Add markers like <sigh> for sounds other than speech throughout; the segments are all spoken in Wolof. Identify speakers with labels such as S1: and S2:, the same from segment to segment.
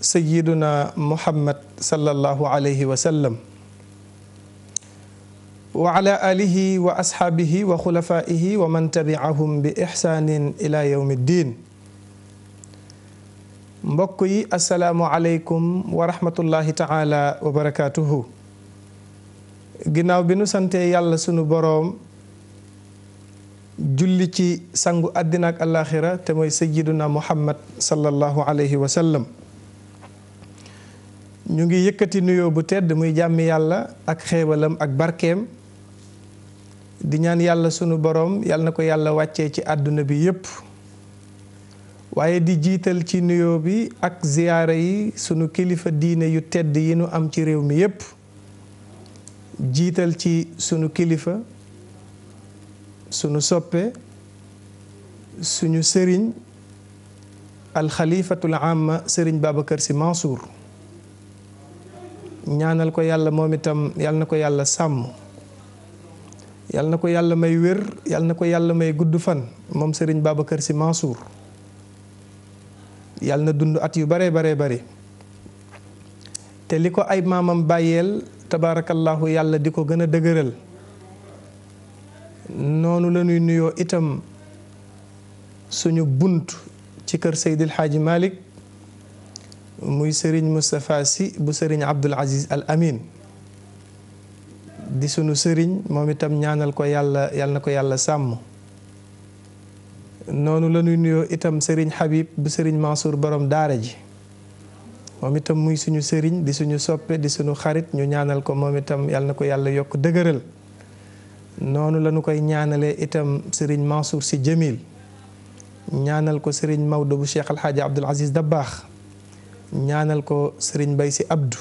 S1: sayyiduna muhammad sallallahu alayhi wa wa ala alihi wa ashaabihi wa xulafaa'ihi wa man tabi'ahum bi ixsaanin ila yawmi diin mbokk yi asalaamu aleykum wa rahmatullahi taala wa barakaatuhu ginnaaw bi nu santee yàlla sunu boroom julli ci sangu àddina ak alaaxira te mooy sayyiduna muhammad sallallahu alayhi wa ñu ngi yëkkati nuyoo bu tedd muy jàmm yàlla ak xéewalam ak barkeem di ñaan yàlla sunu boroom yàlla na ko yàlla wàcce ci àdduna bi yépp waaye di jiital ci nuyoo bi ak ziyaara yi sunu kilifa diine yu tedd yi nu am ci réew mi yépp jiital ci sunu kilifa sunu soppe suñu sëriñ alxalifatul amma sëriñ Babacar Sy Mansour ñaanal ko yàlla moom itam yàlla na ko yàlla sàmm yàlla na ko yàlla may wér yàlla na ko yàlla may gudd fan moom sëriñ kër Sy Mansour yàlla na dund at yu bare bare bari te li ko ay maamam bàyyeel tabaarakallaahu yàlla di ko gën a dëgëral noonu la ñuy nuyoo itam suñu bunt ci kër Seydil Xaaji Malick muy sëriñ Moustapha Sy bu sëriñ Abdul Aziz Al Amin di sunu sëriñ moom itam ñaanal ko yàlla yàlla na ko yàlla sàmm noonu la ñuy nuyoo itam sëriñ Habib bu sëriñ Mansour borom daara ji moom itam muy suñu sëriñ di suñu soppe di suñu xarit ñu ñaanal ko moom itam yàlla na ko yàlla yokk dëgëral noonu la koy ñaanalee itam sëriñ Mansour si Jamil ñaanal ko sëriñ Maodo bu Cheikh Alhaaji Abdul Aziz Dabakh ñaanal ko sëriñ bay si Abdu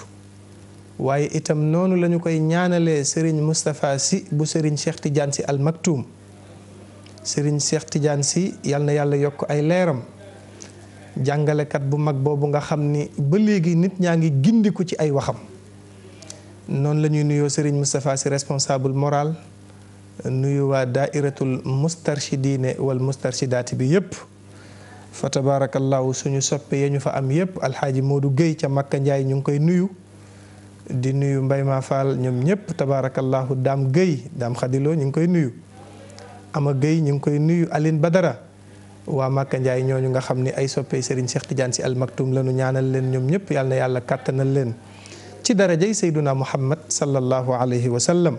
S1: waaye itam noonu lañu koy ñaanalee sëriñ Moustapha si bu sëriñ Cheikh Tidiane si Al sëriñ seex Tidiane si yal na yàlla yokk ay leeram jàngalekat bu mag boobu nga xam ni ba léegi nit ñaa ngi gindiku ci ay waxam noonu la ñuy nuyoo sëriñ Moustapha si responsable moral nuyu waa daairatul mustarchidiine wal mustarchidaati bi yëpp. fa tabaarakallaahu suñu soppe ya ñu fa am yëpp alxaaji Modou Guèye ca Makka Njaay ñu ngi koy nuyu di nuyu Mbay Ma Faal ñoom ñëpp tabaarakallaahu Daam Guèye Daam Xadiloo ñu ngi koy nuyu Ama Guèye ñu ngi koy nuyu Aline Badara waa Makka Njaay ñooñu nga xam ne ay soppee Serigne Cheikh Tidiane si almaktum lanu ñaanal leen ñoom ñëpp yàlla na yàlla kàttanal leen ci darajay Seyduna Muhammad sallallahu alayhi wa sallam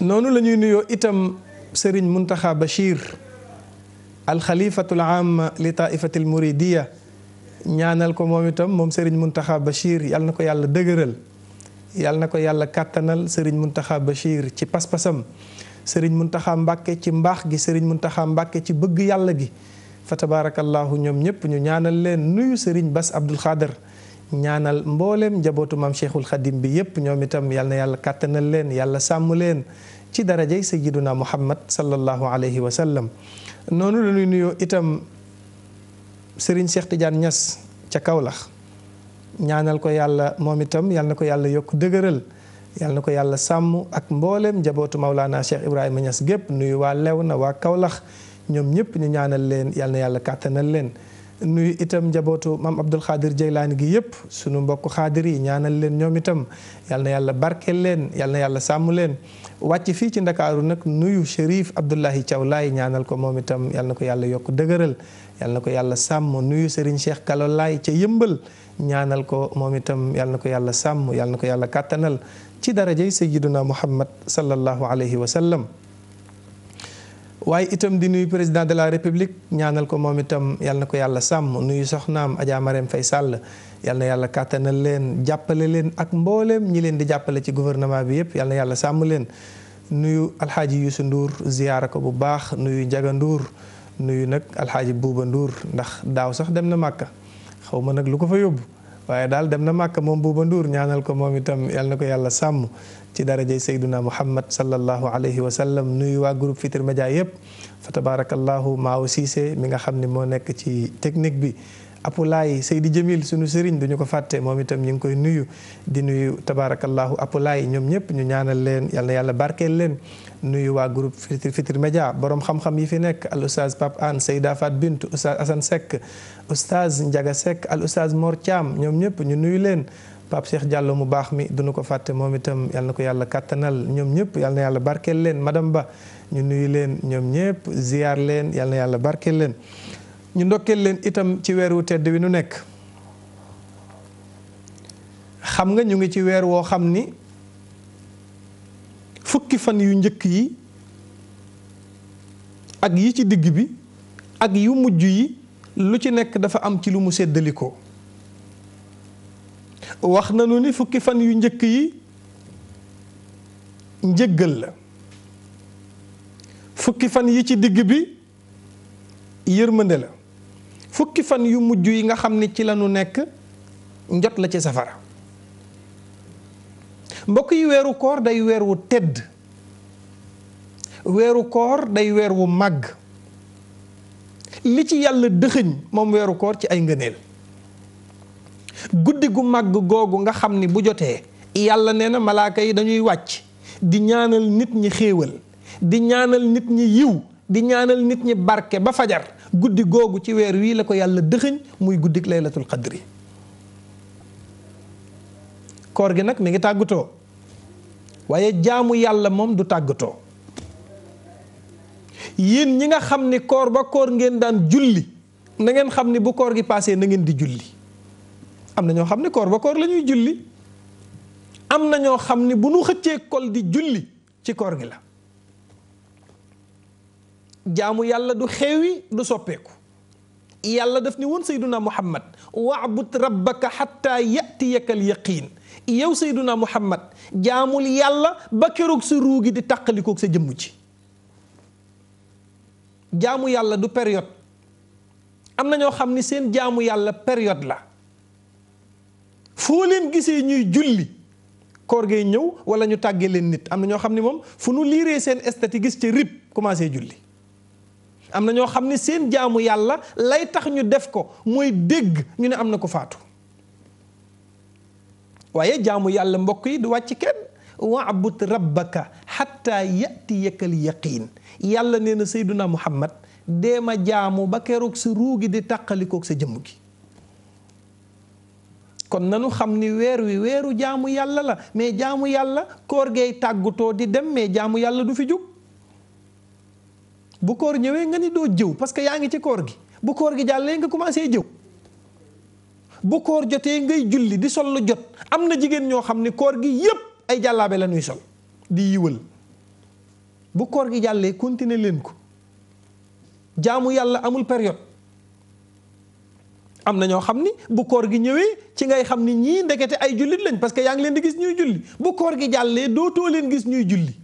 S1: noonu la ñuy nuyoo itam Serigne Muntaxa Bachir alxalifatul am li taifatil muridiya ñaanal ko moom itam moom Serigne Mountakha Bachir yal na ko yàlla dëgëral yàlla na ko yàlla kàttanal Serigne Mountakha Bachir ci pas-pasam Serigne Mountakha Mbàkke ci mbaax gi Serigne Mountakha Mbàkke ci bëgg yàlla gi fa tabaarakallaahu ñoom ñëpp ñu ñaanal leen nuyu Serigne Bass Abdoul Khader ñaanal mbooleem njabootu maam Cheikhul Khadim bi yëpp ñoom itam yal yàlla kàttanal leen yàlla sàmm leen ci darajay sayyiduna muhammad sallallahu alayhi wa sallam noonu la ñuy nuyoo itam Serigne Cheikh Tidiane Niass ca kawlax ñaanal ko yàlla moom itam yàlla ko yàlla yokk dëgëral yàlla ko yàlla sàmm ak mboolem njabootu Maulana Cheikh Ibrahima ñas gépp nuy waa Lew na waa Kaolack ñoom ñëpp ñu ñaanal leen yàlla yàlla kàttanal leen. nuyu itam njabootu maam Abdul Xaadir Jeylaani gi yëpp sunu mbokk xaadir yi ñaanal leen ñoom itam yal na yàlla barkeel leen yal na yàlla sàmm leen wàcc fii ci ndakaaru nag nuyu Chérif Abdoulahi Thiaw Laay ñaanal ko moom itam yal na ko yàlla yokk dëgëral yal ko yàlla sàmm nuyu Serigne Cheikh Kalo Laay ca yëmbal ñaanal ko moom itam yal na ko yàlla sàmm yal na ko yàlla kàttanal ci darajay sayyiduna Muhammad sallallahu alayhi wa sallam waaye itam di nuyu président de la république ñaanal ko moom itam yal na ko yàlla sàmm nuyu soxnaam Adja Marème Faye Sall yal na yàlla kàttanal leen jàppale leen ak mbooleem ñi leen di jàppale ci gouvernement bi yëpp yal na yàlla sàmm leen nuyu alxaaji Youssou nduur ziyaara ko bu baax nuyu Njaga Ndour nuyu nag alxaaji Buuba nduur ndax daaw sax dem na Màkka xaw ma nag lu ko fa yóbbu waaye daal dem na Màkka moom Buuba nduur ñaanal ko moom itam yal na ko yàlla sàmm ci darajey sayduna muhammad sallallahu alayhi wa sallam nuyu waa groupe Futurs Médias yëpp fa tabarakallahu maaw Cissé mi nga xam ne moo nekk ci technique bi Apulaay Seydi Jamil sunu sëriñ ñu ko fàtte moom itam ñu ngi koy nuyu di nuyu tabarakallahu Apulaay ñoom ñëpp ñu ñaanal leen yàlla yàlla barkeel leen nuyu waa groupe Futurs Médias borom xam-xam yi fi nekk al oustaz Pape Anne Seyda Fat Bint oustaz Assane Seck oustaz Ndiaga Seck al oustaz Mor ñoom ñëpp ñu nuyu leen Pape Cheikh mu baax mi duñu ko fàtte moom itam yal na ko yàlla kàttanal ñoom ñëpp yal na yàlla barkeel leen madam Ba ñu nuyu leen ñoom ñëpp ziar leen yal na yàlla barkeel leen ñu ndokkeel leen itam ci weer wu tedd wi nu nekk xam nga ñu ngi ci weer woo xam ni fukki fan yu njëkk yi ak yi ci digg bi ak yu mujj yi lu ci nekk dafa am ci lu mu séddalikoo wax nañu ni fukki fan yu njëkk yi njëggal la fukki fan yi ci digg bi yërmande la fukki fan yu mujj yi nga xam ni ci lanu nekk njot la ci safara mbokk yi weeru koor day weer wu tedd weeru koor day weer wu màgg li ci yàlla dëxëñ moom weeru koor ci ay ngëneel guddi gu màgg googu nga xam ni bu jotee yàlla nee na malaaka yi dañuy wàcc di ñaanal nit ñi xéewal di ñaanal nit ñi yiw di ñaanal nit ñi barke ba fajar guddi googu ci weer wii la ko yàlla dëxëñ muy guddik laylatul qadri koor gi nag mi tàggatoo waaye jaamu yàlla moom du tàggatoo yéen ñi nga xam ni koor ba koor ngeen daan julli na ngeen xam ni bu koor gi paasee na ngeen di julli am na ñoo xam ne koor ba koor la julli am na ñoo xam ne bu nu xëccee kol di julli ci koor gi la jaamu yàlla du xewi du soppeeku yàlla daf ni woon sayduna muhammad bu rabbaka xatta yatiyaka al yaqiin yow sayduna muhammad jaamul yàlla ba keroog sa ruugi di tàqalikoog sa jëmm ci jaamu yàlla du période am na ñoo xam ni seen jaamu yàlla période la foo leen gisee ñuy julli koor gee ñëw wala ñu tàggee leen nit am na ñoo xam ne moom fu nu liiree seen estati gis ca rib commencé julli am na ñoo xam ne seen jaamu yàlla lay tax ñu def ko mooy dégg ñu ne am na ko faatu waaye jaamu yàlla mbokk yi du wàcc kenn waabut rabbaka xatta yatiyakal yaqiin yàlla nee na sayduna muhammad dee ma jaamu ba keroog sa ruu gi di tàqalikoog sa jëmm gi kon nanu xam ni weer wi weeru jaamu yàlla la mais jaamu yàlla koor geey tàggutoo di dem mais jaamu yàlla du fi jóg bu koor ñëwee nga ni doo jëw parce que yaa ngi ci koor gi bu koor gi jàllee nga commencé jëw bu koor jotee ngay julli di sol lu jot am na jigéen ñoo xam ni koor gi yépp ay jàllaabe la ñuy sol di yiwal bu koor gi jàllee continuer leen ko jaamu yàlla amul période am na ñoo xam ni bu koor gi ñëwee ci ngay xam ni ñii ndekete ay jullit lañ parce que yaa ngi leen di gis ñuy julli bu koor gi jàllee dootoo leen gis ñuy julli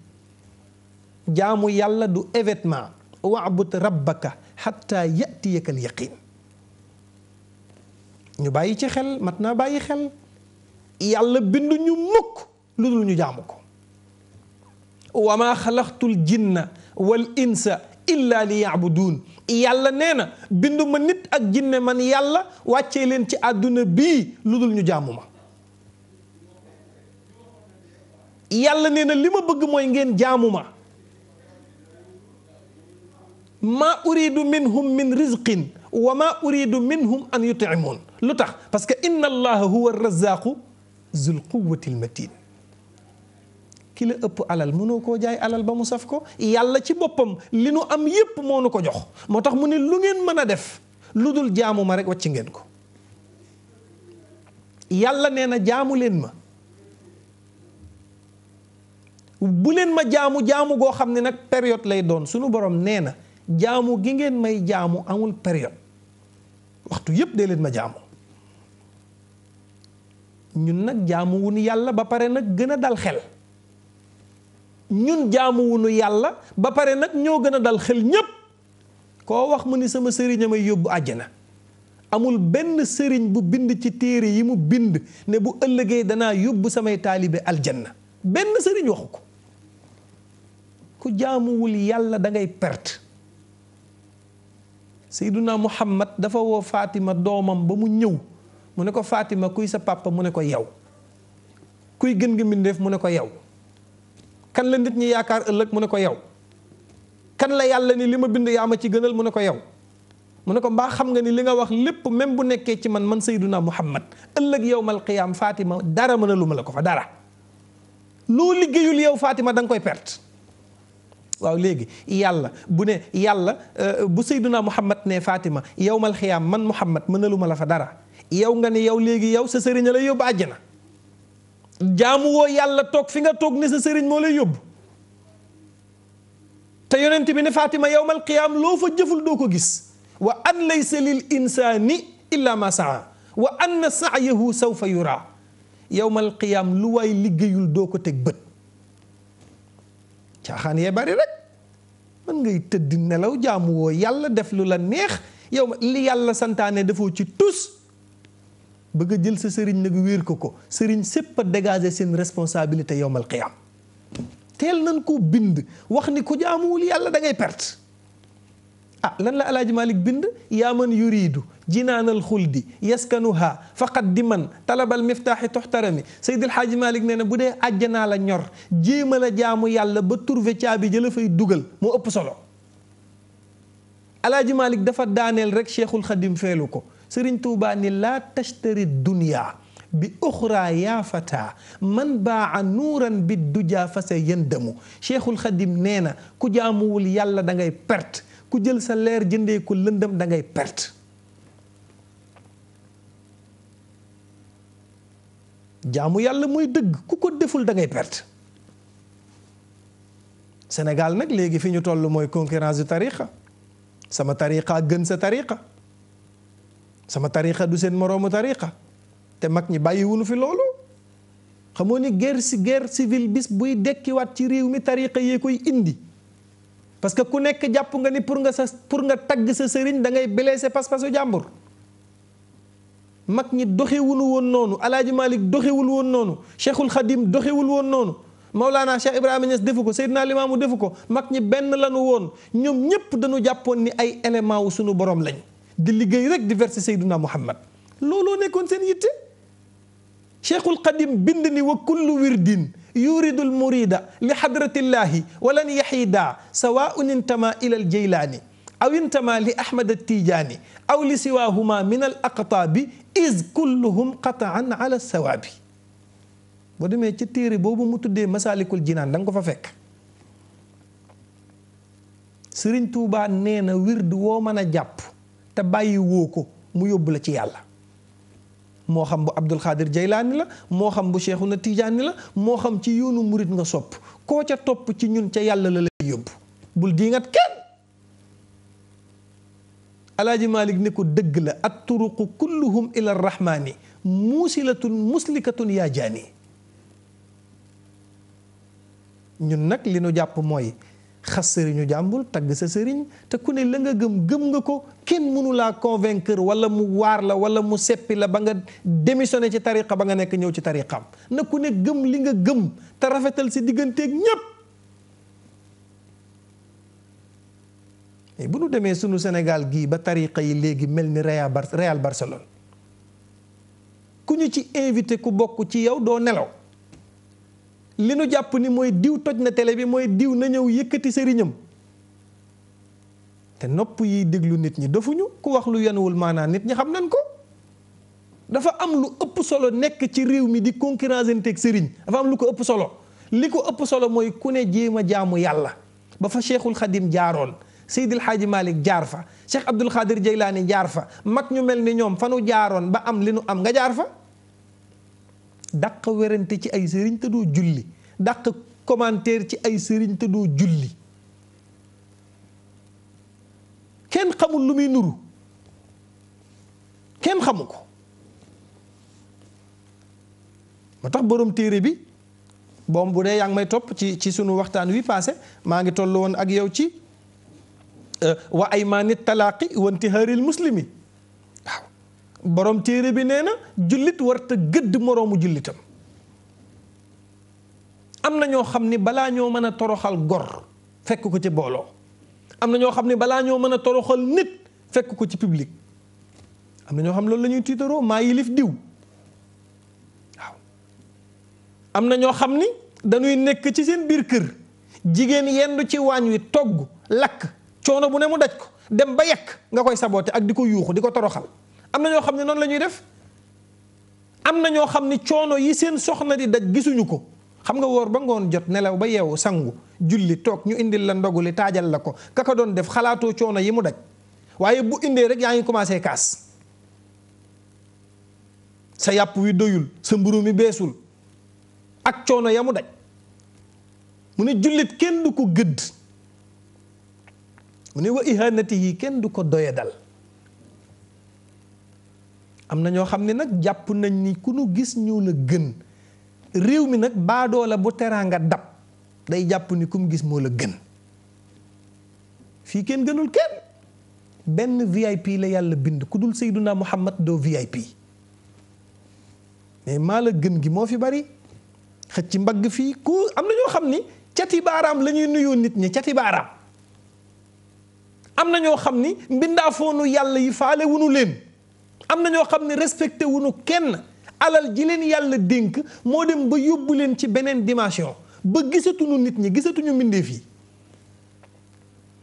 S1: jaamu yàlla du événement waabut rabbaka xatta yatiyakal yaqin ñu bàyyi ci xel mat naa bàyyi xel yàlla bindu ñu mukk lu dul ñu jaamu ko waa ma xalaqtul jinna wal insa illa li yaabuduun yàlla nee na bindu ma nit ak jinne man yàlla wàccee leen ci àdduna bii lu dul ñu jaamu ma yàlla nee na li ma bëgg mooy ngeen jaamu ma maa uridu minhum min rizqin wa maa uridu minhum an yut'imuun lu tax parce que inna allaha huwa arrazaqu zul quwwati almatin ki ëpp alal mënoo koo jaay alal ba mu saf ko yàlla ci boppam li nu am yépp moo nu ko jox moo tax mu ne lu ngeen mën a def lu dul jaamu ma rek wàcc ngeen ko yàlla nee na jaamu leen ma bu leen ma jaamu jaamu goo xam ne nag période lay doon sunu borom nee na jaamu gi ngeen may jaamu amul période waxtu yépp dee leen ma jaamu ñun nag jaamu wuñ yàlla ba pare nag gën a dal xel ñun jaamuwulu yàlla ba pare nag ñoo gën a dal xel ñépp koo wax mu ni sama sëriñ a may yóbbu àjjana amul benn sëriñ bu bind ci téere yi mu bind ne bu ëllëgee danaa yóbbu samay taalibe aljanna benn sëriñ waxu ko ku jaamuwul yàlla da ngay perte seyduna muhammad dafa woo Fatima doomam ba mu ñëw mu ne ko Fatima kuy sa papa mu ne ko yow kuy gën gi mbindeef mu ne ko yow kan la nit ñi yaakaar ëllëg mu ne ko yow kan la yàlla ni li ma bind yaa ma ci gënal mu ne ko yow mu ne ko mbaa xam nga ni li nga wax lépp même bu nekkee ci man man sayduna muhammad ëllëg yowmal qiyaam Fatima dara mën a la ko fa dara loo liggéeyul yow Fatima da nga koy perte waaw léegi yàlla bu ne yàlla euh, bu sayduna muhammad ne Fatima yowmal qiyaam man muhammad mën a ma la fa dara yow nga ne yow léegi yow sa sëriñ la yóbbu na jaamuwoo yàlla toog fi nga toog ne sa sëriñ moo lay yóbbu te yonent bi ne Fatima yowmal qiyaam loo fa jëful doo ko gis wa an laysa lil insaani illa ma saa wa anna saayahu sawfa yura yowmal qiyaam lu waay liggéeyul doo ko teg bët caaxaan yee bari rek mën ngay tëdd nelaw jaamu yàlla def lu la neex yow li yàlla santaane defoo ci tus bëgg a jël sa sëriñ nag wéer ko ko sëriñ sépp a seen responsabilité yowmal qiyaam teel nañ ko bind wax ni ku jaamuwul yàlla dangay ngay perte ah lan la alaaji malik bind yaa man yuridu jinaanal xuldi yaskanuha faqat di man talabal miftaaxi toxtarami seydil xaaji malik nee na bu dee àjjanaa la ñor jéema la jaamu yàlla ba turve caabi jëla fay dugal moo ëpp solo alaaji malik dafa daaneel rek cheikhul xadim feelu ko sëriñ tuubaa ni laa tashtari dunya bi uxra yaa man baa nuuran bi duja fa sa yëndamu cheikhul xadim nee na ku jaamuwul yàlla dangay ngay perte ku jël sa leer jëndee ko lëndëm da ngay perte jaamu yàlla mooy dëgg ku ko deful dangay ngay perte Sénégal nag léegi fi ñu toll mooy concurrence du tariqa sama tariqa gën sa tariqa sama tariqa du seen moroomu tariqa te mag ñi bàyyiwunu fi loolu xamoo ni guerre si guerre civile bis buy dekkiwaat ci réew mi tariqa yee koy indi parce que ku nekk jàpp nga ni pour nga sa pour nga tagg sa sëriñ da ngay blessé pas-pasu jàmbur mag ñi doxewul woon noonu alaaji malik doxewul woon noonu cheikhul xadim doxewul woon noonu Maulana Cheikh Ibrahima Niass defu ko Seydina Limaamu defu ko mag ñi benn lanu woon ñoom ñépp dañu jàppoon ni ay élément wu sunu borom lañ di liggéey rek di verser Seydina Muhammad looloo nekkoon seen yitte Cheikhul Qadim bind ni wa kullu wirdin yuridu almurida li hadratillahi walan yaxiida sawaun intama ila aljeylaani aw intama li ahmad altijaani aw li siwahuma min al aqtaabi is kulluhum qataan ala sawaabi boo demee ci téere boobu mu tuddee masaalikul jinaan da nga ko fa fekk Sëriñ Tuubaa nee na wird woo mën a jàpp te bàyyiwoo ko mu yóbbu la ci yàlla moo xam bu Abdul Xaadir Jaylaani la moo xam bu na Tijaani la moo xam ci yoonu murit nga sopp koo ca topp ci ñun ca yàlla la lay yóbbu bul diingat kenn alaaji Malik ne ko dëgg la at turuqu kulluhum ila rahmaani muusilatun muslikatun yaa ñun nag li nu jàpp mooy xas sëriñu jàmbul tagg sa sëriñ te ku ne la nga gëm gëm nga ko kenn mënu laa convaincre wala mu waar la wala mu seppi la ba nga démissionné ci tariqa ba nga nekk ñëw ci tariqam na ku ne gëm li nga gëm te rafetal si digganteeg ñépp bu nu demee sunu senegal gii ba tariqa yi léegi mel ni Real Bar Real Barcelone ku ñu ci invité ku bokk ci yow doo nelaw li nu jàpp ni mooy diw toj na télé bi mooy diw na ñëw yëkkati sëriñam te nopp yi déglu nit ñi dafuñu ku wax lu yenuwul maanaa nit ñi xam nan ko dafa am lu ëpp solo nekk ci réew mi di concurrence ak sëriñ dafa am lu ko ëpp solo li ko ëpp solo mooy ku ne jéem a jaamu yàlla ba fa cheikhul xadim jaaroon Seydil Hadji Malick jaar fa Cheikh Abdul Xaadir Jeylaani jaar fa mag ñu mel ni ñoom fanu jaaroon ba am li nu am nga jaar fa dàq werante ci ay sëriñ te doo julli dàq commentaire ci ay sëriñ te doo julli kenn xamul lu muy nuru kenn xamu ko moo tax borom téere bi boom bu dee yaa ngi may topp ci ci sunu waxtaan wi passé maa ngi toll woon ak yow ci euh, wa ay maanit talaaqi wa intihaaril muslimi borom téere bi nee na jullit warta gëdd moroomu jullitam am na ñoo xam ni balaa ñoo mën a toroxal gor fekk ko ci booloo am na ñoo xam ne balaa ñoo mën a toroxal nit fekk ko ci public am na ñoo xam loolu la ñuy tiitaroo maa yilif diw am na ñoo xam ni dañuy nekk ci seen biir kër jigéen yendu ci waañ wi togg lakk coono bu ne mu daj ko dem ba yekk nga koy saboote ak di ko yuuxu di ko toroxal am na ñoo xam ne noonu lañuy def am na ñoo xam ne coono yi seen soxna di daj gisuñu ko xam nga woor ba ngoon jot nelaw ba yeewu sangu julli toog ñu indil la ndogu li taajal la ko kaka doon def xalaatoo coono yi mu daj waaye bu indee rek yaa ngi commencé kaas sa yàpp wi doyul sa mburu mi beesul ak coono ya mu daj mu ne jullit kenn du ko gëdd mu ne wa yi kenn du ko doyadal am na ñoo xam ne nag jàpp nañ ni ku nu gis ñu la gën réew mi nag baadoo la bu teraanga dab day jàpp ni ku mu gis moo la gën fii kenn gënul kenn benn VIP la yàlla bind ku dul Seyduna Muhammad doo VIP mais maa la gën gi moo fi bari xëcc mbagg fii ku am na ñoo xam ni cati lañuy la nuyoo nit ñi cati baaraam am na ñoo xam ni mbindaafoonu yàlla yi faale wunu leen am na ñoo xam ne respecté wuñu kenn alal ji leen yàlla dénk moo dem ba yóbbu leen ci beneen dimension ba gisatuñu nit ñi gisatuñu mbindeef yi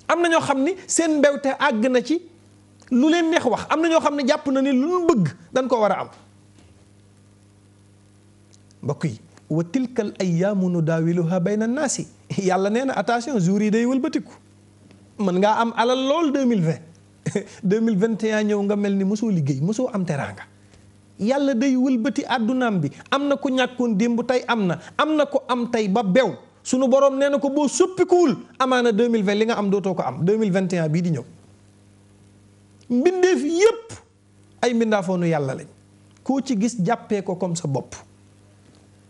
S1: am na ñoo xam ni seen mbewte àgg na ci lu leen neex wax am na ñoo xam ne jàpp na ni lu ñu bëgg dañ koo war a am mbokk yi wa tilkal ayyaamu nudaawiluha bayna naasi yàlla nee na attention jour yi day wëlbatiku mën ngaa am alal lool 2020 deux mille vingt 2021 ñëw nga mel ni mosoo liggéey mosoo am teraanga yàlla day wëlbati àddunaam bi am na ko ñàkkoon démb tey am na am na ko am tey ba bew sunu borom nee na ko boo soppikuwul amaana 2020 li nga am dootoo ko am 2021 bii di ñëw mbindeef yépp ay mbindaafoonu yàlla lañ koo ci gis jàppee ko comme sa bopp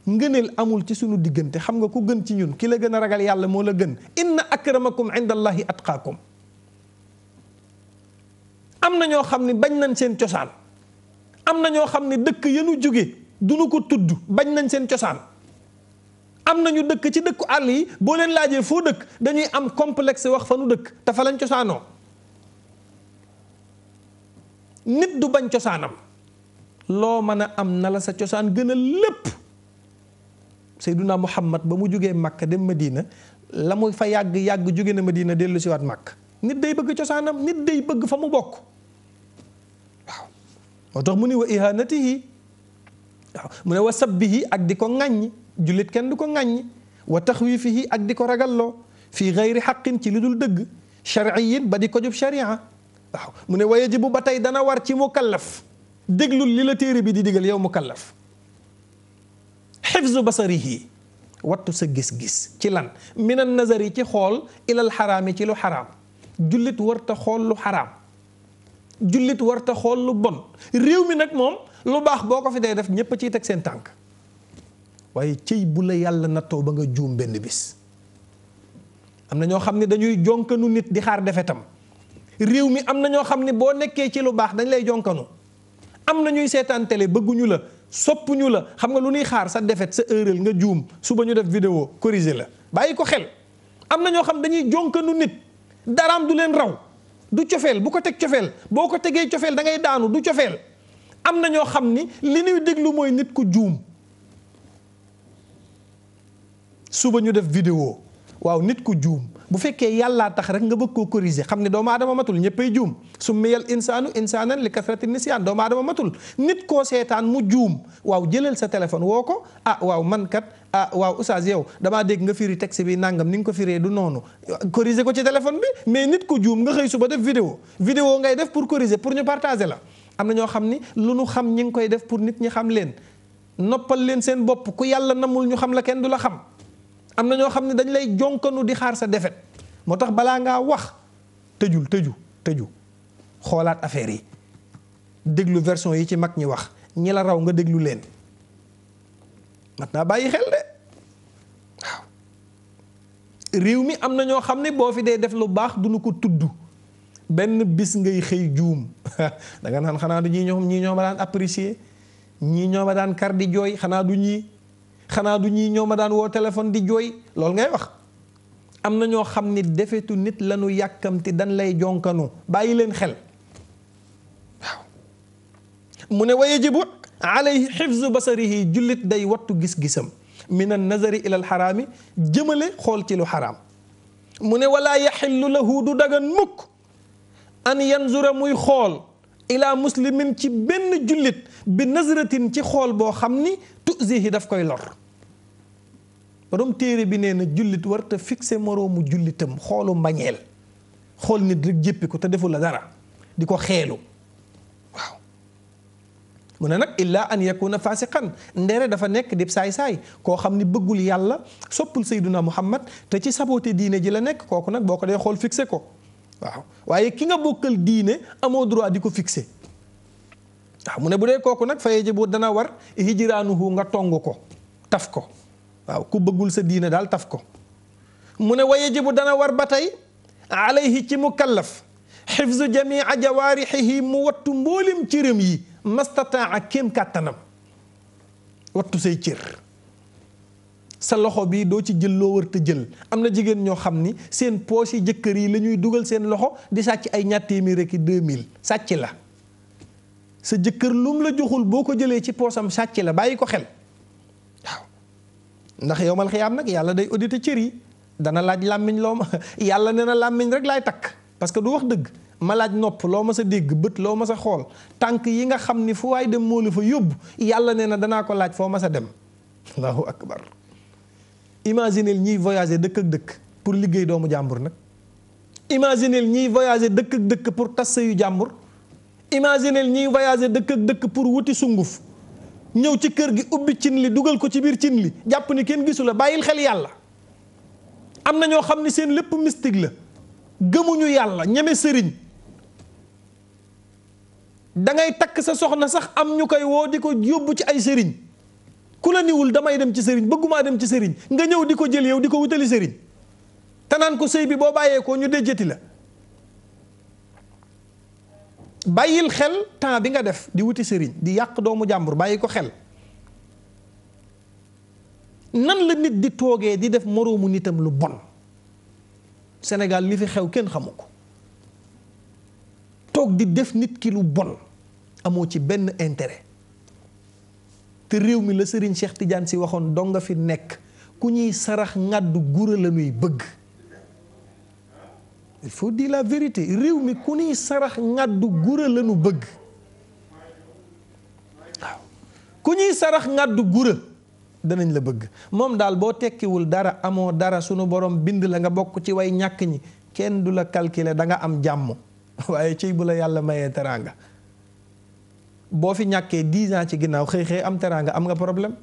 S1: ngëneel amul ci sunu diggante xam nga ku gën ci ñun ki la gën a ragal yàlla moo la gën inna akramakum indallahi atqaakum am na ñoo xam ne bañ nañ seen cosaan am na ñoo xam ne dëkk yenu jóge du nu ko tudd bañ nañ seen cosaan am na ñu dëkk ci dëkku àll yi boo leen laajee foo dëkk dañuy am complexe wax fa nu dëkk te fa lañ cosaanoo nit du bañ cosaanam loo mën a am na la sa cosaan gën a lépp Seyduna Muhammad ba mu jógee Makka dem ma diina la mu fa yàgg yàgg jóge na Madina dellu siwaat Makka nit day bëgg cosaanam nit day bëgg fa mu bokk waaw moo tax mu ni wa ihanatihi waaw mu ne wa sabbihi ak di ko ŋàññi jullit kenn du ko ŋàññi wa taxwiifihi ak di ko ragalloo fii gayri xaqin ci lu dul dëgg chariyin ba di ko jub charia waaw mu ne wa yajibu ba tey dana war ci mukallaf déglul li la téere bi di digal yow mukallaf xifzu basarihi wattu sa gis-gis ci lan minan nazari ci xool ilal xaraami ci lu xaraam jullit warta xool lu xaraam jullit warta xool lu bon réew mi nag moom lu baax boo ko fi dee def ñépp a ciy teg seen tànk waaye cëy bu la yàlla nattoo ba nga juum benn bis am na ñoo xam ne dañuy jonkanu nit di xaar defetam réew mi am na ñoo xam ne boo nekkee ci lu baax dañ lay jonkanu am na ñuy seetaan télé bëgguñu la soppuñu la xam nga lu ñuy xaar sa defet sa erreur nga juum suba ñu def vidéo corriger la bàyyi ko xel am na ñoo xam dañuy jonkanu nit daraam du leen raw du cofeel bu ko teg cofeel boo ko tegee cofeel da ngay daanu du cofeel am na ñoo xam ni li ñuy déglu mooy nit ku juum suba ñu def vidéo waaw nit ku juum bu fekkee yàllaa tax rek nga bëgg koo corriger xam ne doomu aadama matul ñëppay juum summiyal insaanu insaanan li kasrati nisyaan doomu aadama matul nit koo seetaan mu juum waaw jëlal sa téléphone woo ko ah waaw man kat ah waaw oustaz yow damaa dégg nga fiir firi texte bi nangam ni nga ko firee du noonu corriger ko ci téléphone bi mais nit ko juum nga xëy suba def vidéo vidéo ngay def pour corriger pour ñu partager la am na ñoo xam ni lu nu xam ñi ngi koy def pour nit ñi xam leen noppal leen seen bopp ku yàlla namul ñu xam la kenn du la xam am na ñoo xam ne dañ lay jonkanu di xaar sa defet moo tax balaa ngaa wax tëjul tëju tëju xoolaat affaire yi déglu version yi ci mag ñi wax ñi la raw nga déglu leen réew mi am na ñoo xam ne boo fi dee def lu baax du nu ko tudd benn bis ngay xëy juum <laughs> danga naan xanaa du ñii ñoom ñii ñoo ma daan apprécier ñii ñoo ma daan kar di jooy xanaa du ñii xanaa du ñii ñoo ma daan woo téléphone di jooy loolu ngay wax am na ñoo xam ni defetu nit lañu yàkkamti dañ lay jonkanu bàyyi leen xel mu ne waye wayajibu alayhi xifzu basarihi jullit day wattu gis-gisam min an nazari ilal xaraami jëmale xool ci lu xaraam mu ne walaa yaxillu lahu du dagan mukk an yanzura muy xool ilaa muslimin ci benn jullit bi nazratin ci xool boo xam ni tuzihi daf koy lor borom téere bi nee na jullit warta fixé moroomu jullitam xoolu mbañeel xool nit rek jéppi ko te defu la dara di ko xeelu mu ne nag illaa an yakuna fasiqan ndere dafa nekk di saay-saay koo xam ni bëggul yàlla soppul sayduna muhammad te ci saboote diine ji la nekk kooku nag boo ko dee xool fixé ko waaw waaye ki nga bokkal diine amoo droit di ko fixé waaw mu ne bu dee kooku nag fa yajibu dana war hijraanuhu nga tong ko taf ko waaw ku bëggul sa diine daal taf ko mu ne wa yajibu dana war ba tey alayhi ci mukallaf xifzu jamia jawaarixihi mu wattu mboolim cëram yi temps ak kéem kàttanam wattu say cër sa loxo bii doo ci jël loo wër jël am na jigéen ñoo xam ni seen poche yi jëkkër yi lañuy dugal seen loxo di sàcc ay ñaar téeméer rek i deux mille sàcc la sa jëkkër lum la joxul boo ko jëlee ci poosam sàcc la bàyyi ko xel waaw ndax yow mal xiyaam nag yàlla day audité cër yi dana laaj làmmiñ loo ma <laughs> yàlla ne na làmmiñ rek laay takk parce que du wax dëgg ma laaj nopp loo ma sa dégg bët loo ma sa xool tànk yi nga xam ni fu waay dem moo la fa yóbbu yàlla nee na danaa ko laaj foo ma sa dem allahu akbar imagineel ñiy dëkk dëkk pour liggéey doomu jàmbur nag imagineel ñiy voyager dëkk ak dëkk pour tas yu jàmbur imagineel ñiy voyager dëkk ak dëkk pour wuti sunguf ñëw ci kër gi ubbi cin li dugal ko ci biir cin li jàpp ni kenn gisu la bàyyil xel yàlla am na ñoo xam ni seen lépp mystique la gëmuñu yàlla ñeme sëriñ da ngay takk sa soxna sax am ñu koy woo di ko yóbbu ci ay sëriñ ku la niwul damay dem ci sëriñ bëggumaa dem ci sëriñ nga ñëw di ko jël yow di ko wutali sëriñ te naan ko sëy bi boo bàyyeekoo ñu déjjati la bàyyil xel temps bi nga def di wuti sëriñ di yàq doomu jàmbur bàyyi ko xel nan la nit di toogee di def moroomu nitam lu bon Sénégal li fi xew kenn xamu ko toog di def nit ki bon amoo ci benn intérêt te réew mi la Serigne Cheikh Tidiane si waxoon dong nga nekk ku ñuy sarax ngàddu gura la bëgg réew mi ku ñuy sarax ngàddu gura danañ la bëgg moom daal boo tekkiwul dara amoo dara sunu borom bind la nga bokk ci way ñàkk ñi kenn du la calculer da nga am jàmm <laughs> waaye cëy bu la yàlla mayee teraanga boo fi ñàkkee dix ans ci ginnaaw xëy xëy am teraanga am nga problème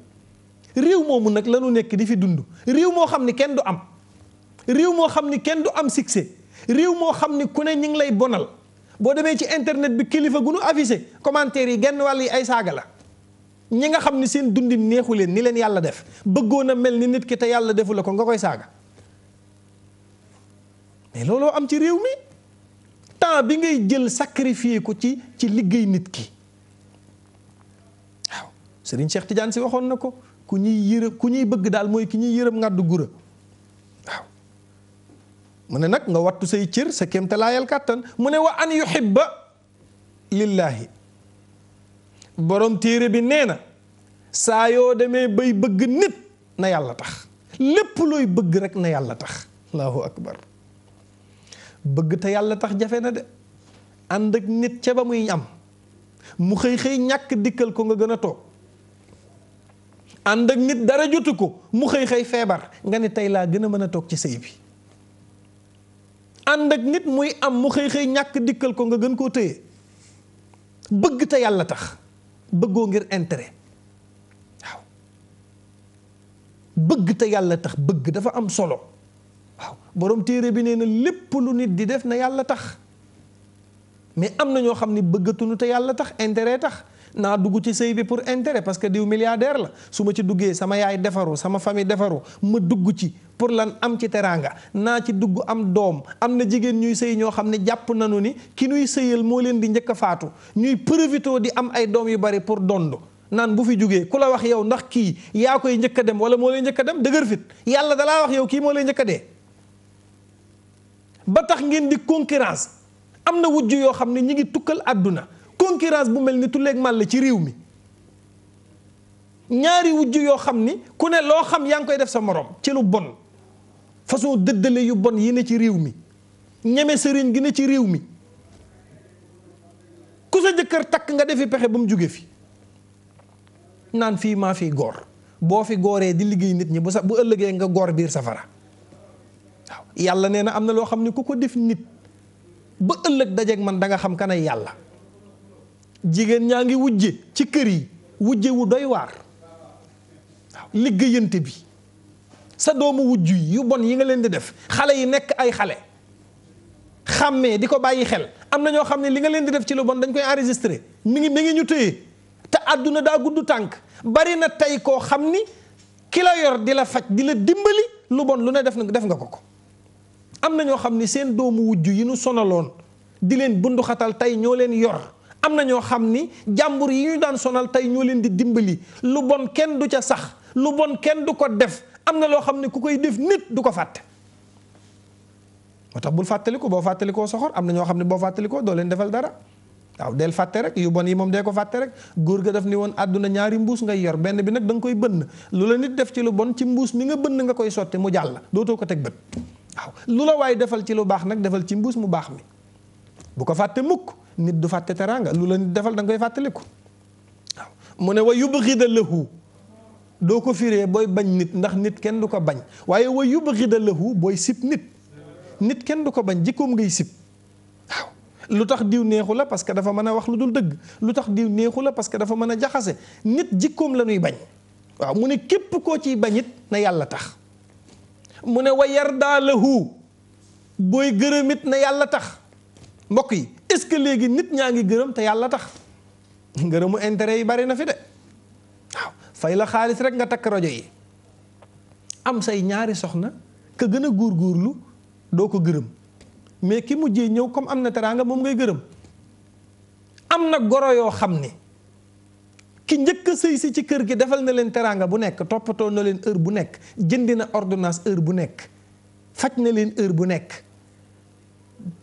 S1: réew moomu nag lanu nekk di fi dund réew moo xam ni kenn du am réew moo xam ni kenn du am succès réew moo xam ni ku ne ñi ngi lay bonal boo demee ci internet bi kilifa gu nu avisé yi genn wàll yi ay saaga la ñi nga xam ni seen dundin neexu leen ni leen yàlla def bëggoon a mel ni nit ki te yàlla defu la ko nga koy saaga looloo am ci réew mi temps bi ngay jël sacrifier ko ci ci liggéey nit ki waaw Serigne Cheikh Tidiane si waxoon na ko ku ñuy yërëm ku ñuy bëgg daal mooy ki ñuy yërëm ngàddu gura waaw mu ne nag nga wattu say cër sa kéemtalaayal kàttan mu ne wa an yuhibba lillaahi borom téere bi nee na saa yoo demee bay bëgg nit na yàlla tax lépp looy bëgg rek na yàlla tax allahu akbar bëgg te yàlla tax jafe na de ànd ak nit ca ba muy am mu xëy xëy ñàkk dikkal ko nga gën a toog ànd ak nit dara jotu ko mu xëy xëy feebar nga ne tey laa gën a mën a toog ci sëy bi ànd ak nit muy am mu xëy xëy ñàkk dikkal ko nga gën koo téye bëgg te yàlla tax bëggoo ngir intérêt waaw bëgg te yàlla tax bëgg dafa am solo waaw borom téere bi nee na lépp lu nit di def na yàlla tax mais am na ñoo xam ne bëggatuñu te yàlla tax intérêt tax naa dugg ci sëy bi pour intérêt parce que diw milliardaire la su ma ci duggee sama yaay defaru sama famille defaru ma dugg ci pour lan am ci teraanga naa ci dugg am doom am na jigéen ñuy sëy ñoo xam ne jàpp nañu ni ki ñuy sëyal moo leen di njëkk faatu ñuy profité di am ay doom yu bari pour dond naan bu fi jugee ku la wax yow ndax kii yaa koy njëkk dem wala moo lay njëkk dem dëgër fit yàlla dalaa wax yow kii moo lay njëkk ba tax ngeen di concurrence am na wujj yoo xam ne ñi ngi tukkal àdduna concurrence bu mel ni tulleeg màlle ci réew mi ñaari wujj yoo xam ni ku ne loo xam yaa ngi koy def sa moroom ci lu bon façon dëddale yu bon yi ne ci réew mi ñeme sëriñ gi ne ci réew mi ku sa jëkkër takk nga defi pexe ba mu jóge fi naan fii maa fi goor boo fi gooree di liggéey nit ñi bu sa bu ëllëgee nga goor biir safara yàlla nee na am na loo xam ne ku ko def nit ba ëllëg dajeeg man danga xam kana yàlla jigéen ñaa ngi wujje ci kër yi wujje wu doy waar liggéeyante bi sa doomu wujj yu bon yi nga leen di def xale yi nekk ay xale xàmmee di ko bàyyi xel am na ñoo xam ne li nga leen di def ci lu bon dañ koy enregistré mi ngi mi ngi ñu téye te àdduna daa gudd tànk bari na tey koo xam ni ki la yor di la faj di la dimbali lu bon lu ne def na def nga ko ko am na ñoo xam ni seen doomu wujj yi nu sonaloon di leen bunduxatal tey ñoo leen yor am na ñoo xam ni jàmbur yi ñu daan sonal tey ñoo leen di dimbali lu bon kenn du ca sax lu bon kenn du ko def am na loo xam ne ku koy def nit du ko fàtte moo tax bul fàttaliko boo fàttalikoo soxor am na ñoo xam ne boo fàttalikoo doo leen defal dara waaw del fàtte rek yu bon yi moom dee ko fàtte rek góor ga daf ni woon àdduna ñaari mbuus ngay yor benn bi nag danga koy bënn lu la nit def ci lu bon ci mbuus mi nga bënn nga koy sotti mu jàll dootoo ko teg bët waaw lu la waaye defal ci lu baax nag defal ci mbuus mu baax mi bu ko fàttee mukk nit du fàtte teraanga lu la nit defal da koy fàttaliku waaw mu ne wa yubghida lahu doo ko firee booy bañ nit ndax nit kenn du ko bañ waaye wa yubghida lahu booy sib nit nit kenn du ko bañ jikkoom ngay sib waaw lu tax diw neexu la parce que dafa mën a wax lu dul dëgg lu tax diw neexu la parce que dafa mën a jaxase nit jikkoom la ñuy bañ waaw mu ne képp koo ciy bañit na yàlla tax mu ne wa yardaa lahu booy gërëmit na yàlla tax mbokk yi est-ce que léegi nit ñaa ngi gërëm te yàlla tax ngërëmu intere yi bari na fi de waaw fay la xaalis rek nga takk rajo yi am say ñaari soxna ka gën a góorgóorlu doo ko gërëm mais ki mujjee ñëw comme am na teraanga moom ngay gërëm am na goro yoo xam ni ki njëkk a sëy si ci kër gi defal na leen teraanga bu nekk toppatoo na leen heure bu nekk jëndi na ordonnance heure bu nekk faj na leen heure bu nekk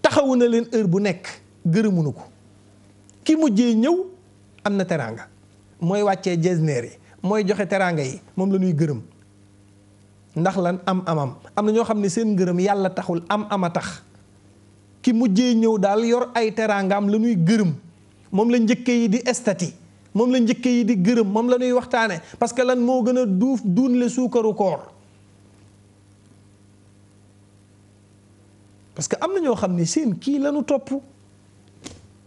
S1: taxawu na leen heure bu nekk gërëmunu ko ki mujjee ñëw am na teraanga mooy wàccee jesneer yi mooy joxe teraanga yi moom la ñuy gërëm ndax lan am amam am na ñoo xam ne seen ngërëm yàlla taxul am am a tax ki mujjee ñëw daal yor ay teraangaam la ñuy gërëm moom la njëkke yi di estati moom la njëkke yi di gërëm moom la ñuy waxtaane parce que lan moo gën a duuf la suukaru koor parce que am na ñoo xam ne seen kii la topp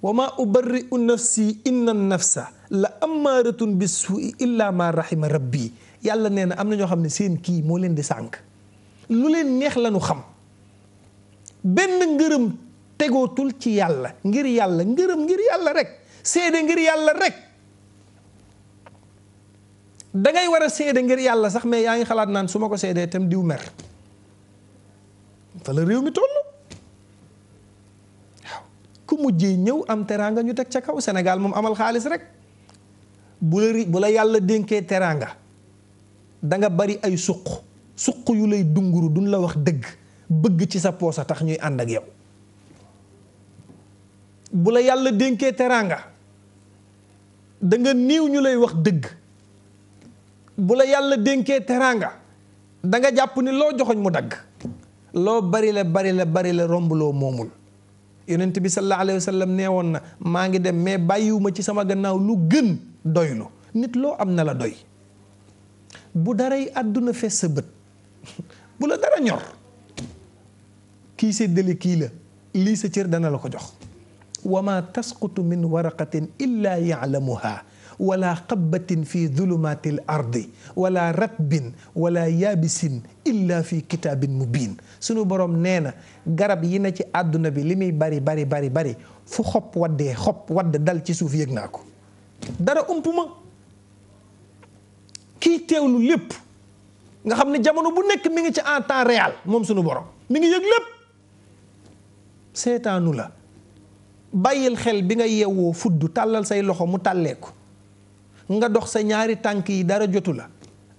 S1: wa ma ubarri'u nafsi inna nafsa la amaaratun bi suui illa ma rahima rabbi yàlla nee na am na ñoo xam ne seen kii moo leen di sànk lu leen neex la xam benn ngërëm tegootul ci yàlla ngir yàlla ngërëm ngir yàlla rek seede ngir yàlla rek da ngay war a seede ngir yàlla sax mais yaa ngi xalaat naan su ma ko seedee tam diw mer fala réew mi toll waaw ku mujjee ñëw am teraanga ñu teg ca kaw Sénégal moom amal xaalis rek bu la bu yàlla dénkee teraanga da bari ay suq suq yu lay dunguru duñ la wax dëgg bëgg ci sa poosa tax ñuy ànd ak yow bu la yàlla dénkee teraanga da nga ñu lay wax dëgg. bu la yàlla dénkee teraanga danga jàpp ni loo joxoñ mu dagg loo bari la bari la bari la romb loo moomul yonent bi sallallahu alayhi wa sallam nee na maa ngi dem mais bàyyiwuma ci sama gannaaw lu gën doylu nit loo am na la doy bu daray àdduna fees sa bët <laughs> bu la dara ñor kii séddale kii la lii sa cër dana la ko jox wa ma tasqutu min waraqatin illa yaalamuha wala xabbatin fi dulumaati l ardi wala ratbin wala yaabisin illa fi kitaabin biin sunu boroom nee na garab yi na ci àdduna bi li muy bari bari bari bari fu xob waddee xob wadd dal ci suuf yëg naa ko dara ump ma kii teewlu lépp nga xam ne jamono bu nekk mi ngi ci en temps réel moom sunu borom mi ngi yëg lépp seetaanu la bàyyil xel bi nga yewwoo fudd tàllal say loxo mu tàllee ko nga dox sa ñaari tànk yi dara jotu la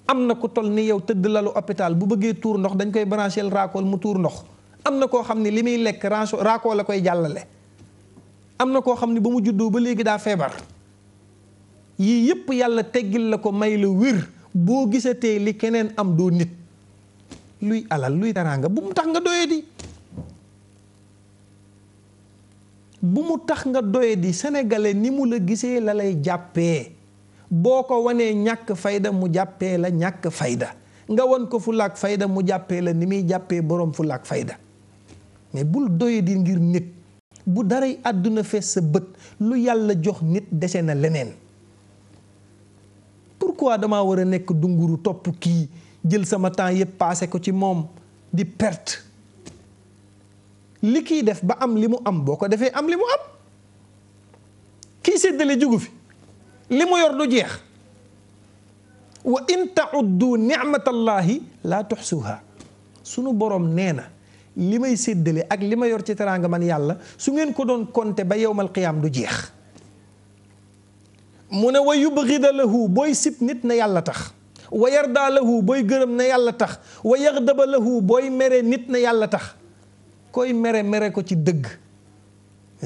S1: am na ko toll ni yow tëdd lalu hôpital bu bëggee tuur ndox dañ koy brancheel raakool mu tuur ndox am na koo xam ne li muy lekk raakoo a koy jàllale am na koo xam ne ba mu juddoo ba léegi daa feebar yii yëpp yàlla teggil la ko may la wér boo gisatee li keneen am doo nit luy alal luy teraanga mu tax nga doye bu mu tax nga doye di sénégalais ni mu la gisee la lay jàppee boo ko wanee ñàkk fayda mu jàppee la ñàkk fayda nga wan ko fu fulaak fayda mu jàppee la ni muy jàppee borom fu fulaak fayda mais bul doye di ngir nit bu daray àdduna fees sa bët lu yàlla jox nit dese na leneen pour pourquoi damaa war a nekk dunguru topp kii jël sama temps yépp passé ko ci moom di perte li kiy def ba am li mu am boo ko defee am li mu am kii séddale jugu fi li ma yor du jeex wa in tauddu nicmatallahi laa tuxsuha sunu borom nee na li may séddale ak li ma yor ci teraanga man yàlla su ngeen ko doon compter ba yowmal qiyaam du jeex mu ne wa yubgida lahu booy sib nit na yàlla tax wa yardaa lahu booy gërëm na yàlla tax wa yaxdaba lahu booy mere nit na yàlla tax koy mere mere ko ci dëgg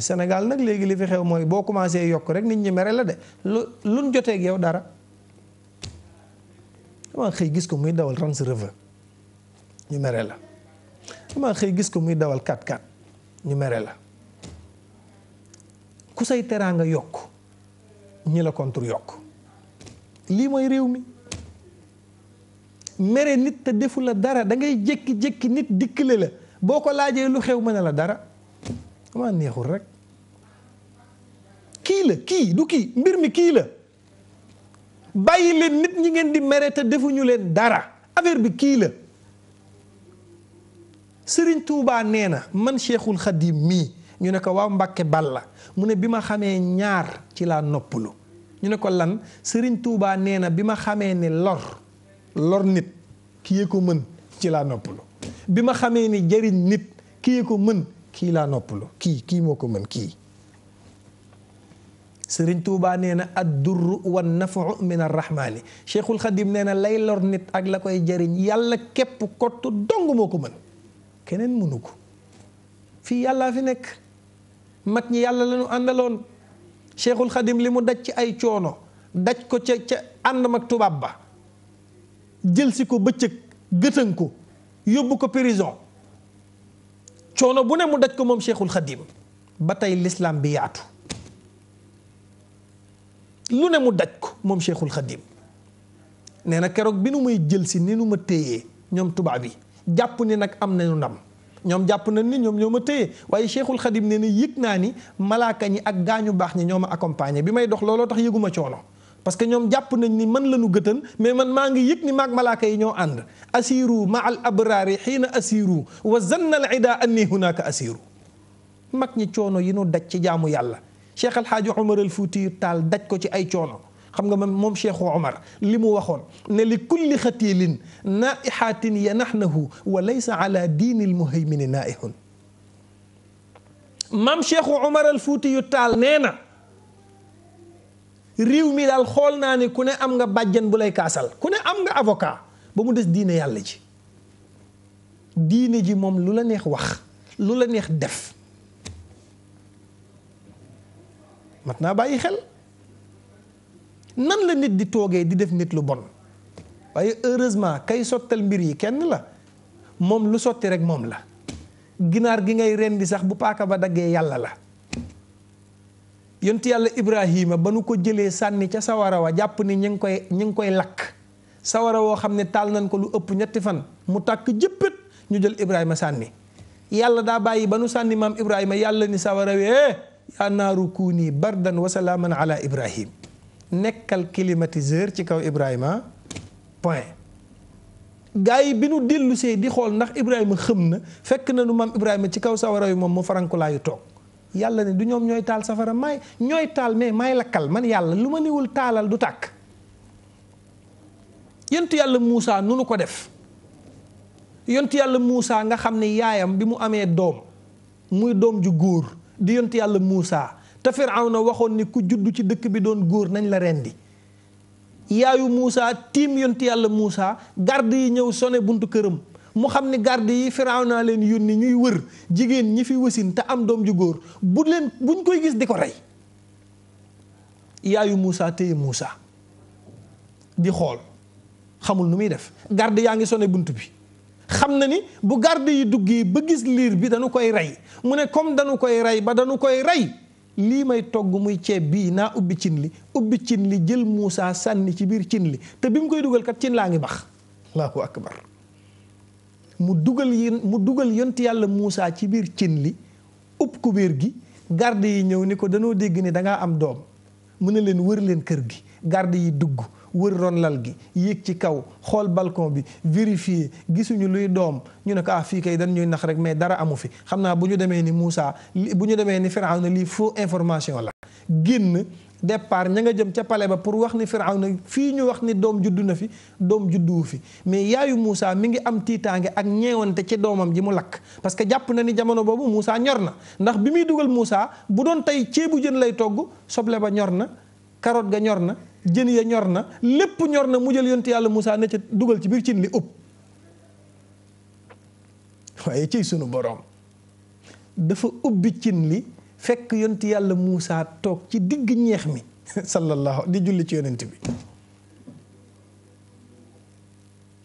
S1: senegal nag léegi li fi xew mooy boo commencé yokk rek nit ñi mere la de lu luñ jotee ak yow dara dama xëy gis ko muy dawal Range Rover ñu mere la dama xëy gis ko muy dawal 4 x ñu mere la ku say teraanga yokk ñi la contre yokk lii mooy réew mi mere nit te defu la dara da ngay jékki-jékki nit dikkale la boo ko laajee lu xew mën a la dara dama neexul rek kii la kii du kii mbir mi kii la bàyyi leen nit ñi ngeen di mere te defuñu leen dara affaire bi kii la Sëriñ Tuubaa nee man Cheikhul Khadim mii ñu ne ko waaw bal la mu ne bi ma xamee ñaar ci laa noppalu ñu ne ko lan Sëriñ Tuubaa nee na bi ma xamee ne lor lor nit ki yee ko mën ci laa noppalu bi ma xamee ni jëriñ nit ki yee ko mën kii laa noppalu kii kii moo ko mën kii sëriñ Tuubaa nee na addurru wan nafau min arrahmaani cheikhul xadim nee na lay lor nit ak la koy jariñ yàlla képp kott dong moo ko mën keneen mënu ko fii yàllaa fi nekk mag ñi yàlla lañu àndaloon cheikhul xadim li mu daj ci ay coono daj ko ca ca ànd mag tubaab ba jëlsi ko bëccëg gëtën ko yóbbu ko prison coono bu ne mu daj ko moom Cheikhul Khadim ba tey lislaam bi yaatu lu ne mu daj ko moom Cheikhul Khadim nee na keroog bi nu may jël si ni nu ma téyee ñoom tubaab yi jàpp ni nag am nañu ndam ñoom jàpp na ni ñoom ñoo ma téye waaye Cheikhul Khadim nee na yëg naa ni malaaka ñi ak gaañu baax ñi ñoo ma accompagné bi may dox looloo tax yëguma coono parce que ñoom jàpp nañ ni man lañu gëtën mais man maa ngi yëg ni maag malaaka yi ñoo ànd asiru ma al abraari xiina asiru wa zanna al mag ñi coono yi nu daj ci jaamu yàlla cheikh alhaaji omar al fuuti taal daj ko ci ay coono xam nga man moom cheikhu omar li mu waxoon ne li kulli xatiilin naihaatin yanaxnahu wa laysa ala diini almuhaymini naaihun maam cheikhu omar al fuuti yu taal nee na réew mi daal xool naa ne ku ne am nga bàjjan bu lay kaasal ku ne am nga avocat ba mu des diine yàlla ji diine ji moom lu la neex wax lu la neex def mat naa bàyyi xel nan la nit di toogee di def nit lu bon waaye heureusement kay sottal mbir yi kenn la moom lu sotti rek moom la ginaar gi ngay rendi sax bu paaka ba daggee yàlla la yontu yàlla Ibrahima ba nu ko jëlee sànni ca sawara wa jàpp ni ñu ngi koy ñu ngi koy lakk sawara woo xam ne taal nañ ko lu ëpp ñetti fan mu tàkk jëppët ñu jël Ibrahima sànni yàlla daa bàyyi ba nu sànni maam Ibrahima yàlla ni sawara wee yaa naaru kuuni bardan wa salaaman ala Ibrahim nekkal climatiseur ci kaw Ibrahima point. gaa yi bi nu dellusee di xool ndax Ibrahima xëm na fekk na nu maam Ibrahima ci kaw sawara wi moom mu farankulaayu toog. yàlla ne du ñoom ñooy taal safara maay ñooy taal mais maay lakkal man yàlla lu ma niwul taalal du tàkk yentu yàlla Muusa nunu ko def yontu yàlla Muusa nga xam ne yaayam bi mu amee doom muy doom ju góor di yàlla Muusa te Firawna waxoon ni ku juddu ci dëkk bi doon góor nañ la rendi yaayu Muusa tiim yontu yàlla Muusa garde yi ñëw sone buntu këram mu xam ni garde yi firaaw naa leen yónni ñuy wër jigéen ñi fi wasin te am doom ju góor bu leen buñ koy gis di ko rey yaayu Moussa téye Moussa di xool xamul nu muy def garde yaa ngi sone bunt bi xam na ni bu garde yi duggee ba gis liir bi danu koy rey mu ne comme dañu koy rey ba dañu koy rey lii may togg muy ceeb bii naa ubbi cin li ubbi cin li jël Moussa sànni ci biir cin li te bi mu koy dugal kat cin laa ngi bax allahu akbar mu dugal yén mu dugal yont yàlla Moussa ci biir cin li upp kubéer gi garde yi ñëw ni ko danoo dégg ni dangaa am doom mu ne leen wër leen kër gi garde yi dugg wër ronlal gi yéeg ci kaw xool balcon bi vérifier gisuñu luy doom ñu ne ko ah fii kay dañ ñuy nax rek mais dara amu fi xam naa bu ñu demee ni Moussa bu ñu demee ni Firawna lii faux information la génn départ ña nga jëm ca pale ba pour wax ni Firawna fii ñu wax ni doom juddu na fi doom judduwu fi mais yaayu Moussa mi ngi am tiitaange ak ñeewante ci doomam ji mu lakk parce que jàpp na ni jamono boobu Moussa ñor na ndax bi muy dugal Moussa bu doon tey ceebu jën lay togg soble ba ñor na karoot ga ñor na jën ya ñor na lépp ñor na mu jël yonent yàlla Moussa na ca dugal ci biir cin li ëpp waaye ciy sunu boroom dafa ubbi cin li fekk yonent yàlla Moussa toog ci digg ñeex mi <laughs> sallallahu di julli ci yonent bi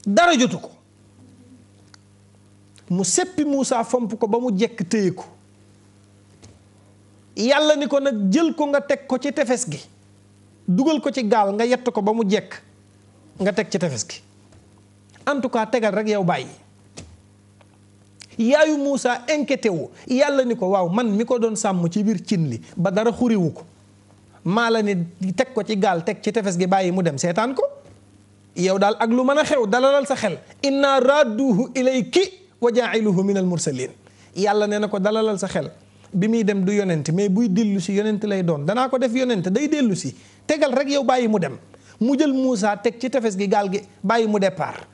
S1: dara jotu ko mu seppi Moussa fomp ko ba mu jekk téye ko yàlla ni ko nag jël ko nga teg ko ci tefes gi dugal ko ci gaal nga yett ko ba mu jekk nga teg ci tefes gi en tout cas tegal rek yow bàyyi yaayu Moussa inquiété wu yàlla ni ko waaw man mi ko doon sàmm ci biir cin li ba dara xuriwu ko maa la ni teg ko ci gaal teg ci tefes gi bàyyi mu dem seetaan ko yow daal ak lu mën a xew dalalal sa xel inna radduhu ilayki wa jaa'iluhu min al mursalin yàlla nee na ko dalalal sa xel bi muy dem du yonent mais buy dellu si yonent lay doon danaa ko def yonent day dellu si tegal rek yow bàyyi mu dem mu jël Moussa teg ci tefes gi gaal gi bàyyi mu départ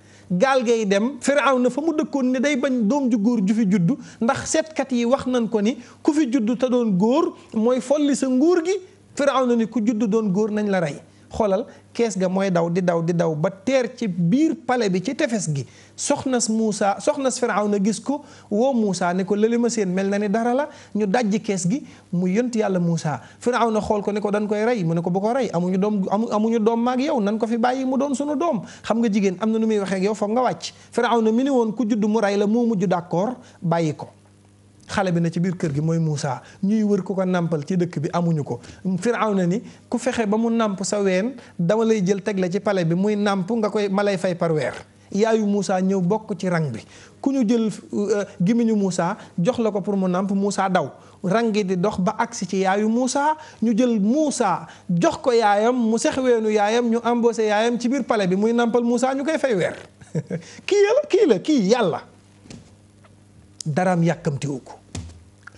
S1: gaal gay dem firaw na fa mu dëkkoon ne day bañ doom ju góor ju fi juddu ndax seetkat yi wax nañ ko ni ku fi juddu te doon góor mooy folli sa nguur gi firaw na ni ku juddu doon góor nañ la rey xoolal kees ga mooy daw di daw di daw ba teer ci biir pale bi ci tefes gi soxna soxnas Muusa soxnas na gis ko woo Muusa ne ko lële ma seen mel na ni dara la ñu dajji kees gi mu yënt yàlla Muusa Firawna xool ko ne ko dañ koy rey mu ne ko bu ko rey amuñu doom amuñu doom maag yow nan ko fi bàyyi mu doon sunu doom xam nga jigéen am na nu muy waxee yow foog nga wàcc na mi ni woon ku judd mu rey la moo mujj d'accord bàyyi ko xale bi na ci biir kër gi mooy Moussa ñuy wër ku ko nàmpal ci dëkk bi amuñu ko Firawna ni ku fexe ba mu nàmp sa ween dama lay jël teg la ci pale bi muy nàmp nga koy ma fay par weer yaayu Moussa ñëw bokk ci rang bi ku ñu jël euh, gémmiñu Moussa jox la ko pour mu nàmp Moussa daw rang di dox ba agsi ci yaayu Moussa ñu jël Moussa jox ko yaayam mu sex weenu yaayam ñu embauché yaayam ci biir pale bi muy nàmpal Moussa ñu koy fay weer <laughs> kii la kii la kii yàlla daraam yàkkamtiwu ko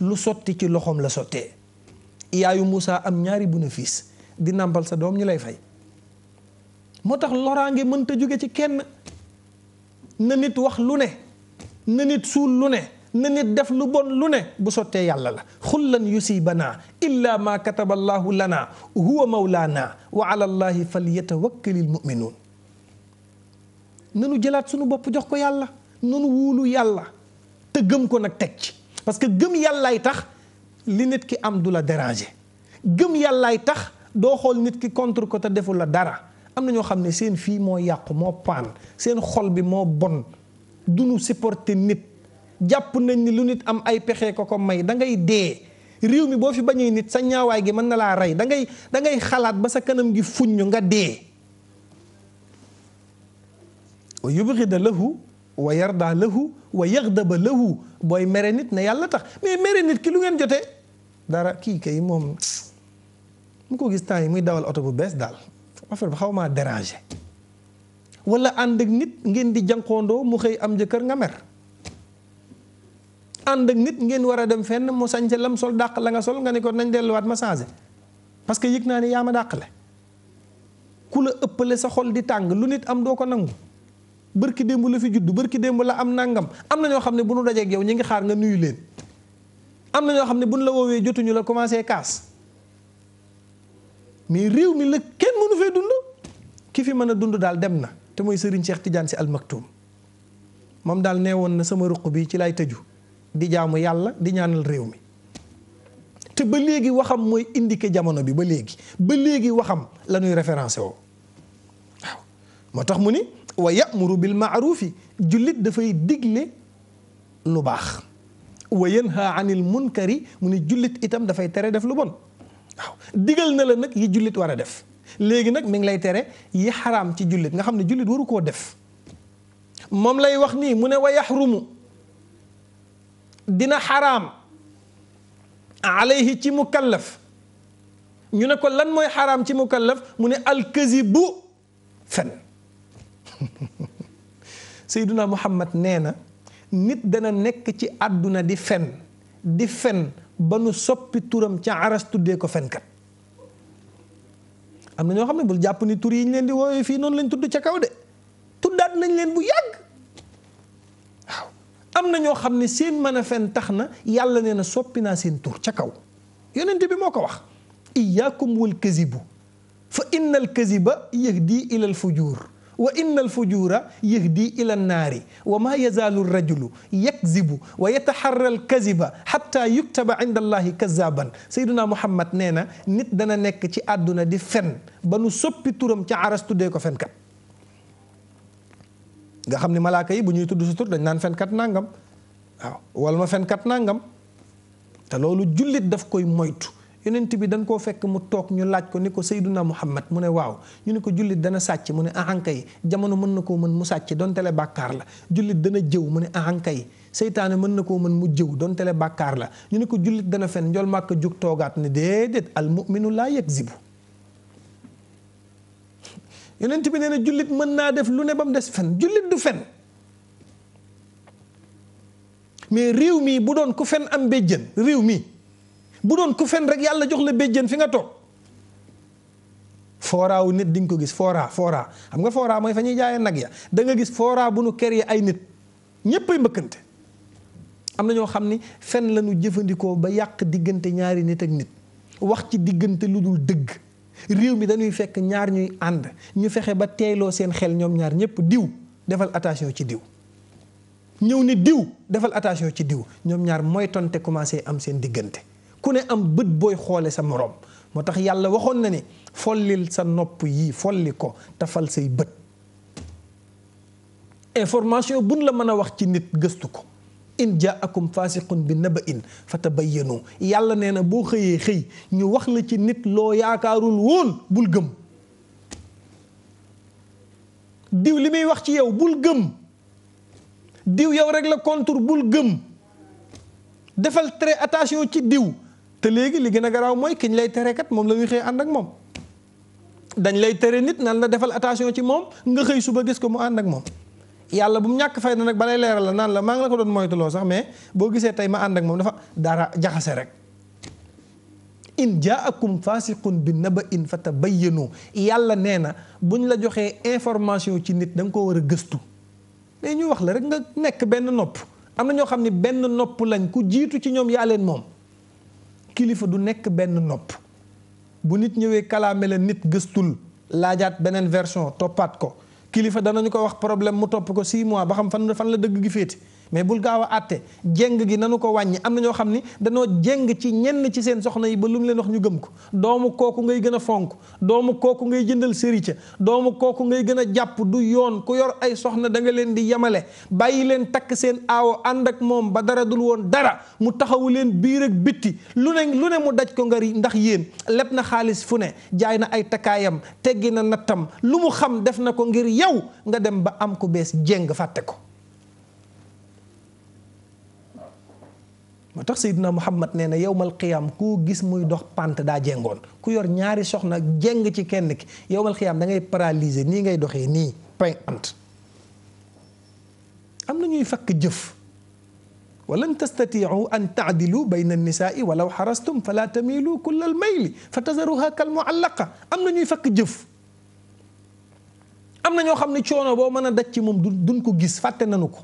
S1: lu sotti ci loxoom la sottee yaayu Moussa am ñaari bénéfice di nàmpal sa doom ñu lay fay moo tax loraange mënta jóge ci kenn na nit wax lu ne na nit suul lu ne na nit def lu bon lu ne bu sottee yàlla la xullan yusibanaa illa ma kataba allahu lana huwa mawlaana wa ala allahi falyatawakkalil muminuun nanu jëlaat sunu bopp jox ko yàlla nanu wuulu yàlla te gëm ko nag teg ci parce que gëm yàllaay tax li nit ki am du la déranger gëm yàllaay tax doo xool nit ki contre ko te deful la dara am na ñoo xam ne seen fii moo yàqu moo paan seen xol bi moo bon du nu supporter nit jàpp nañ ni lu nit am ay pexe ko ko may da ngay dee réew mi boo fi bañee nit sa ñaawaay gi mën na laa rey dangay da ngay xalaat ba sa kanam gi fuñu nga dee wa yubghida lahu wa yarda lahu wa yaxdaba lahu booy mere nit na yàlla tax mais mere nit ki lu ngeen jotee dara kii kay moom mu ko gis temps yi muy dawal oto bu bees daal affaire bi xaw maa déranger wala ànd ak nit ngeen di jànkoondoo mu xëy am jëkkër nga mer ànd ak nit ngeen war a dem fenn mu sañse lam sol dàq la nga sol nga ne ko nañ delluwaat ma changé parce que yëg naa ne yaa ma dàq dàqale ku la ëppale sa xol di tàng lu nit am doo ko nangu bërki démb la fi juddu bërki démb la am nàngam am na ñoo xam ne bu nu dajeeg yow ñu ngi xaar nga nuyu leen am na ñoo xam ne bu nu la woowee jotuñu la commencé kaas mais réew mi la kenn mënu fee dund ki fi mën a dund daal dem na te mooy Serigne Cheikh Tidiane si Al moom daal nee woon na sama ruq bi ci lay tëju di jaamu yàlla di ñaanal réew mi te ba léegi waxam mooy indiqué jamono bi ba léegi ba léegi waxam la ñuy référencé woo waaw moo tax mu ni wa ya'muru bil ma'rufi jullit dafay digle lu baax wa yanha anil munkari mu ne jullit itam dafay tere def lu bon waaw digal na la nag yi jullit war a def léegi nag mi ngi lay tere yi xaraam ci jullit nga xam ne jullit waru koo def moom lay wax nii mu ne wa yaxrumu dina xaraam alayhi ci mukallaf ñu ne ko lan mooy xaraam ci mukallaf mu ne alkazibu fen Seyduna <laughs> Muhammad nee na nit dana nekk ci àdduna di fen di fen ba nu soppi turam ca aras tuddee ko fenkat am na ñoo xam ne bul jàpp ni tur yi ñu leen di woowee fii noonu lañ tudd ca kaw de tuddaat nañ leen bu yàgg waaw am na ñoo xam ne seen mën a fen tax na yàlla nee na soppi naa seen tur ca kaw yonent bi moo ko wax iyaakum wal kazibu fa innal kaziba yahdi ilal fujuur wa in alfujura yahdi ila annaari wa maa yazaalu rajulu yakzibu wa yataxarra alkaziba xatta yuktaba inda allahi kazaban muhammad nee na nit dana nekk ci àdduna di fen ba nu soppi turam ca aras tuddee ko nga xam ne malaaka yi bu ñuy tudd si tur dañ naan fenkat nangam waaw wal ma fenkat nangam te loolu jullit daf koy moytu yonent bi dañ koo fekk mu toog ñu laaj ko ni ko Seyduna Muhammad mu ne waaw ñu ne ko jullit dana sàcc mu ne ahanka yi jamono mën na koo mën mu sàcc donte le bàkkaar la jullit dana jëw mu ne ahanka yi seytaane mën na koo mën mu jëw donte le la ñu ne ko jullit dana fen njool màkk jug toogaat ne déedéet al muminu laa yakzibu yonent bi nee na jullit mën naa def lu ne ba mu des fen jullit du fen mais réew mii bu doon ku fen am béjjën réew mi bu doon ku fen rek yàlla jox la béjjén fi nga toog fooraa nit di nga ko gis fooraa fooraa xam nga fooraa mooy fa ñuy jaayee nag ya da nga gis fooraa bu nu kër yi ay nit ñëppay mbëkkante am na ñoo xam ni fen lañu jëfandikoo ba yàq diggante ñaari nit ak nit wax ci diggante lu dul dëgg réew mi dañuy fekk ñaar ñuy ànd ñu fexe ba teeloo seen xel ñoom ñaar ñëpp diw defal attention ci diw ñëw ni diw defal attention ci diw ñoom ñaar mooy tonte commencé am seen diggante ku ne am bët booy xoole sa moroom moo tax yàlla waxoon na ne follil sa nopp yi folli ko tafal say bët information buñ la mën a wax ci nit gëstu ko in jaakum fasiqun bi naba in fatabayyanu yàlla nee na boo xëyee xëy ñu wax la ci nit loo yaakaarul woon bul gëm diw li muy wax ci yow bul gëm diw yow rek la contour bul gëm defal très attention ci diw te léegi li gën a garaaw mooy kiñ lay tere kat moom la ñuy xëy ànd ak moom dañ lay tere nit nan la defal attention ci moom nga xëy suba gis ko mu ànd ak moom yàlla bu mu ñàkk fay na nag balay leeral la naan la maa ngi la ko doon moytuloo sax mais boo gisee tey ma ànd ak moom dafa dara jaxase rek in jaakum fasiqun bi naba in fa tabayyanu yàlla nee na buñ la joxee information ci nit danga ko war a gëstu mais ñu wax la rek nga nekk benn nopp am na ñoo xam ne benn nopp lañ ku jiitu ci ñoom yaa leen moom kilifa du nekk benn nopp bu nit ñëwee kalaame la nit gëstul laajaat beneen version toppaat ko kilifa danañu ko wax problème mu topp ko six mois ba xam fan fan la dëgg gi féete mais bul gaaw a àtte jéng gi nanu ko wàññi am na ñoo xam ni danoo jéng ci ñenn ci seen soxna yi ba lu mu leen wax ñu gëm ko doomu kooku ngay gën a fonk doomu kooku ngay jëndal sërica doomu kooku ngay gën a jàpp du yoon ku yor ay soxna da nga leen di yemale bàyyi leen takk seen aawo ànd ak moom ba dara dul woon dara mu taxawu leen biir ak bitti lu ne lu ne mu daj ko ngari ndax yéen leb na xaalis fu ne jaay na ay takkaayam teggi na nattam lu mu xam def na ko ngir yow nga dem ba am ku bees jéng fàtte ko moo tax Seydina Muhammad nee na yowmal xiyaam koo gis muy dox pant daa jengoon ku yor ñaari soxna jeng ci kenn ki yowmal xiyaam dangay ngay nii ngay doxee nii pant am na ñuy fakk jëf walan tastatiu an taadilu bayna annisaai walaw xarastum fala tamilu kulla almayli fa tazaruha kal muallaqa am na ñuy fakk jëf am na ñoo xam ne coono boo mën a daj ci moom duñ ko gis fàtte nanu ko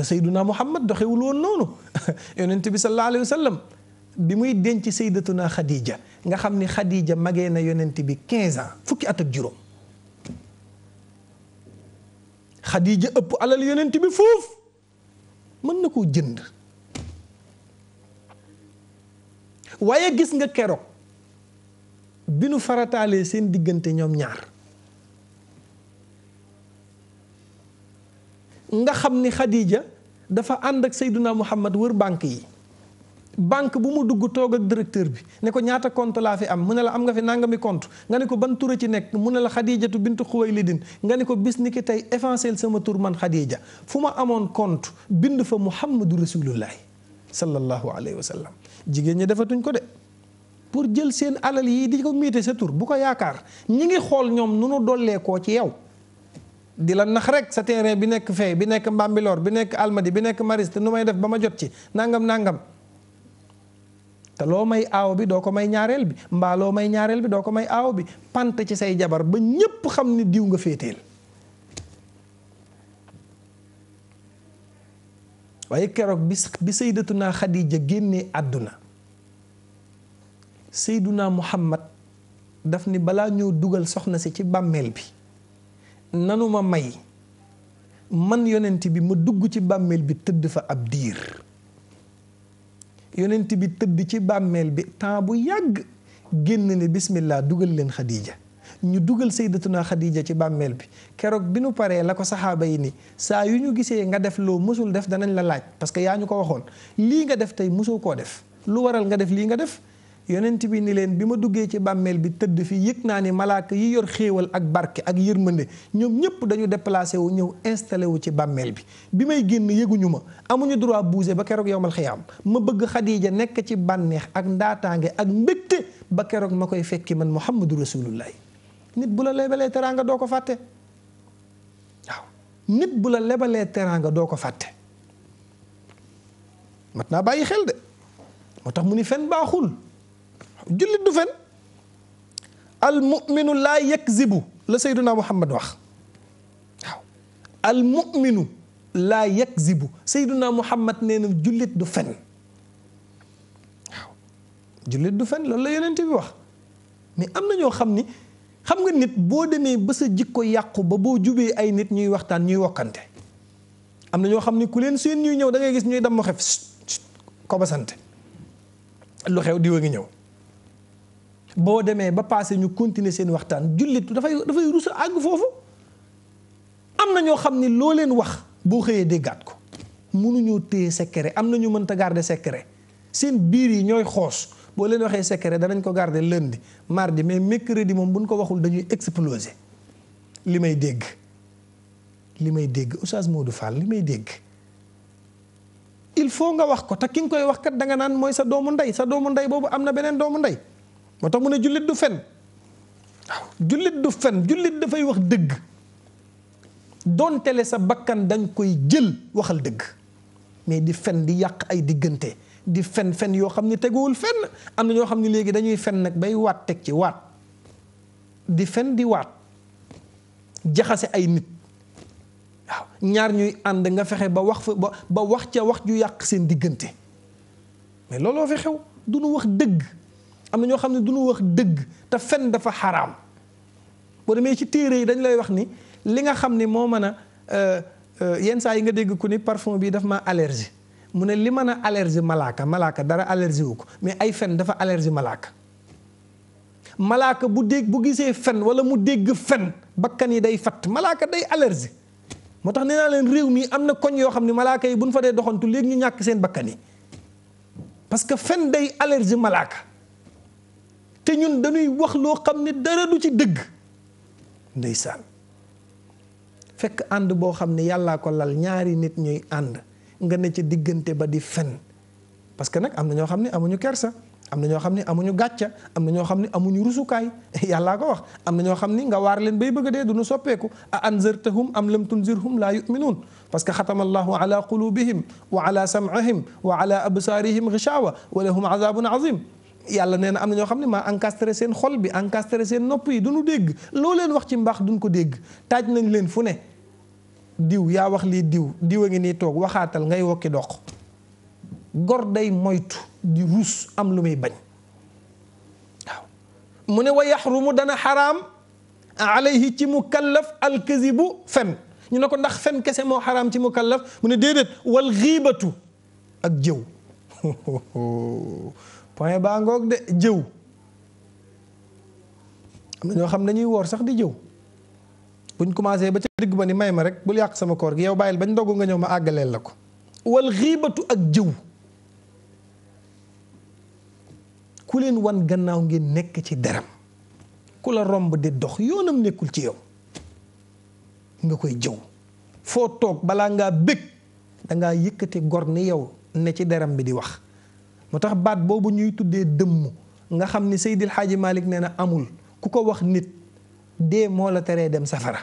S1: te sayduna muhammad doxewul woon noonu yonent bi sallallahu alayhi wa sallam bi muy denc saydatuna xadija nga xam ni xadija magee na yonent bi 15 ans fukki at ak juróom xadija ëpp alal yonent bi foofu mën na koo jënd waaye gis nga keroog bi nu farataalee seen diggante ñoom ñaar nga xam ni xadija dafa ànd ak Seydina Muhammad wër banque yi banque bu mu dugg toog ak directeur bi ne ko ñaata kont laa fi am mu ne la am nga fi nangami compte nga ne ko ban tura ci nekk mun ne la Xadijatu bintu Xuwaylidin nga ne ko bis ni ki tey évancel sama tur man Xadija fu ma amoon compte bind fa Muhammadu Rasulullahi sallallahu alayhi wa sallam jigéen ñi defatuñ ko de pour jël seen alal yi di ko miite sa tur bu ko yaakaar ñi ngi xool ñoom nu nu dolleekoo ci yow. di la nax rek sa terrain bi nekk fee bi nekk Mbambilor bi nekk Almadi bi nekk Mariste nu may def ba ma jot ci nangam nangam te loo may aaw bi doo ko may ñaareel bi mbaaloo may ñaareel bi doo ko may aaw bi pant ci say jabar ba ñépp xam ni diw nga féeteel waaye keroog bi bi sayyidatuna Xadiija génnee àdduna sayyiduna Muhammad daf ni balaa ñëw dugal soxna si ci bàmmeel bi nanu ma may man yonent bi ma dugg ci bàmmeel bi tëdd fa ab diir yonent bi tëdd ci bàmmeel bi temps bu yàgg génn ne bismillah dugal leen xadiija ñu dugal saydatuna xadiija ci bàmmeel bi keroog bi nu paree la ko saxaaba yi ni saa yu ñu gisee nga def loo mësul def danañ la laaj parce que yaa ñu ko waxoon lii nga def tey mosoo koo def lu waral nga def lii nga def yonent bi ni leen bi ma duggee ci bàmmeel bi tëdd fi yëg naa ni malaaka yi yor xéewal ak barke ak yërmande ñoom ñëpp dañu déplacé wu ñëw installé wu ci bàmmeel bi bi may génn yëguñu ma amuñu droit bouger ba keroog yowmal xiyaam ma bëgg xadiija nekk ci bànneex ak ndaataange ak mbégte ba keroog ma koy fekki man muhammadu rasulullahi nit bu la lebalee teraanga doo ko fàtte waaw nit bu la lebalee teraanga doo ko fàtte mat naa bàyyi xel de moo tax mu ni fen baaxul jullit du fen al muminu laa yakzibu la sayduna muhammad wax waaw al muminu laa yakzibu sayduna muhammad nee na jullit du fen waaw jullit du fen loolu la yonent bi wax mais am na ñoo xam ni xam nga nit boo demee ba sa jikko yàqu ba boo jubee ay nit ñuy waxtaan ñuy wokkante am na ñoo xam ni ku leen seen ñuy ñëw dangay gis ñuy dem mu xef ko ba sant lu xew diwa ngi ñëw boo demee ba passé ñu continuer seen waxtaan jullit dafay dafay rusa àgg foofu am na ñoo xam ni loo leen wax boo xëyee déggaat ko mënuñoo téye secret am na ñu mënta garder secret seen biir yi ñooy xoos boo leen waxee secret danañ ko garder lundi mardi mais mercredi moom buñ ko waxul dañuy exploser li may dégg li may dégg Oustaz du Fall li may dégg il faut nga wax ko te ki nga koy wax kat danga naan mooy sa doomu ndey sa doomu ndey boobu am na beneen doomu ndey moo tax mu ne jullit du fen waaw jullit du fen jullit dafay wax dëgg doontele sa bakkan dañ koy jël waxal dëgg mais di fen di yàq ay diggante di fen fen yoo xam ne teguwul fenn am ñoo xam ne léegi dañuy fen nag bay waat teg ci waat di fen di jaxase ay nit waaw ñaar ñuy ànd nga fexe ba wax fa ba wax ca wax ju yàq seen diggante mais looloo fi xew du nu wax dëgg am na ñoo xam ne du ñu wax dëgg te fen dafa xaraam boo demee ci téere yi dañ lay wax ni li nga xam ni moo mën a euh, euh, yenn saa yi nga dégg ku ni parfum bii daf ma allergie mu ne li mën a allergie malaaka malaaka dara allergie wu ko mais ay fen dafa allergie malaaka malaaka bu dégg bu gisee fen wala mu dégg fen bakkan yi day fat malaaka day allergie moo tax nee naa leen réew mi am na koñ yoo xam ne malaaka yi bu ñu fa dee doxantu léegi ñu ñàkk seen bakkan yi parce que fen day allergie malaaka te ñun dañuy wax loo xam ne dara du ci dëgg ndeysaan fekk ànd boo xam ne yàllaa ko lal ñaari nit ñuy ànd nga ne ci diggante ba di fen parce que nag am na ñoo xam ne amuñu kersa am na ñoo xam ne amuñu gàcca am na ñoo xam ne amuñu rusukaay <laughs> yàllaa ko wax am na ñoo xam ni nga waar leen bay bëgg dee du duñu soppeeku a anzartahum am lam tunzirhum laa yuminuun parce que xatama allahu ala qulubihim wa ala sam'ihim wa ala absaarihim ghishawa wa lahum azabun azim yàlla nee na am na ñoo xam ne maa encastré seen xol bi encastré seen nopp yi du duñu dégg loo leen wax ci mbaax duñ ko dégg taaj nañ leen fu ne diw yaa wax lii diw diw a ngi nii toog waxaatal ngay wokki doq gor day moytu di ruus am lu muy bañ mu ne wa yaxrumu dana xaraam alayhi ci mukallaf alkazibu fen ñu ne ko ndax fen kese moo xaraam ci mukallaf mu ne déedéet wal xiibatu ak jëw <laughs> waaye baa ngoog de jëw am na ñoo xam ne dañuy woor sax di jëw buñ commencé ba ca digg ba ni may ma rek bul yàq sama koor gi yow bàyyil bañ ndogu nga ñëw ma àggaleel la ko wal xiibatu ak jëw ku leen wan gannaaw ngeen nekk ci deram ku la romb di dox yoonam nekkul ci yow nga koy jëw foo toog balaa ngaa bég dangaa yëkkati gor ni yow ne ci deram bi di wax moo tax baat boobu ñuy tuddee dëmm nga xam ni Seydil Xaaji Malik nee na amul ku ko wax nit dee moo la teree dem safara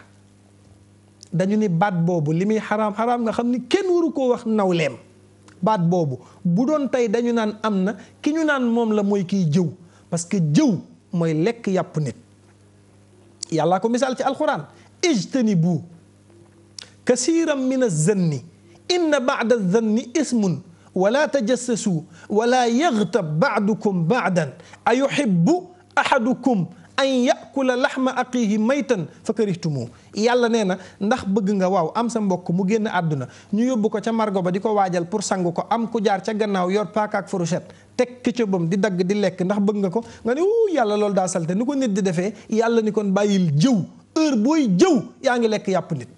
S1: dañu ni baat boobu li muy xaraam xaraam nga xam ni kenn waru koo wax nawleem baat boobu bu doon tey dañu naan am na ki ñu naan moom la mooy kiy jëw parce que jëw mooy lekk yàpp nit yàllaa ko misaal ci alquran ijtanibu kasiiran min az-zanni inna ba'da az-zanni ismun wala tajassasu wala yaghtab ba'dukum ba'dan ayuhibbu ahadukum an yakula laxma aqihi maytan fa karihtumu yàlla nee na ndax bëgg nga waaw am sa mbokk mu génn àdduna ñu yóbbu ko ca margo ba di ko waajal pour sang ko am ku jaar ca gannaaw yor paaka ak fourchette teg këccëbam di dagg di lekk ndax bëgg nga ko nga ne uu yàlla loolu daa salte ni ko nit di defee yàlla ni kon bàyyil jëw heure booy jëw yaa ngi lekk yàpp nit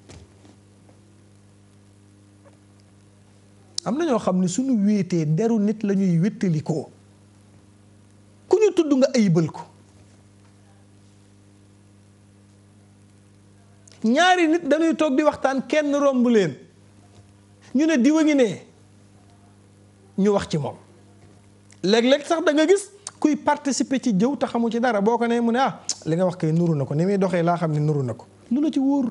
S1: am na ñoo xam ne suñu wéetee deru nit la ñuy wéttalikoo ku ñu tudd nga ayibal ko ñaari nit dañuy toog di waxtaan kenn romb leen ñu ne diwa ngi ne ñu wax ci moom léeg-léeg sax da gis kuy participer ci jëw te xamu ci dara boo ko nee mu ne ah li nga wax kay nuru na ko ni muy doxee laa xam ne nuru na ko lu la ci wóor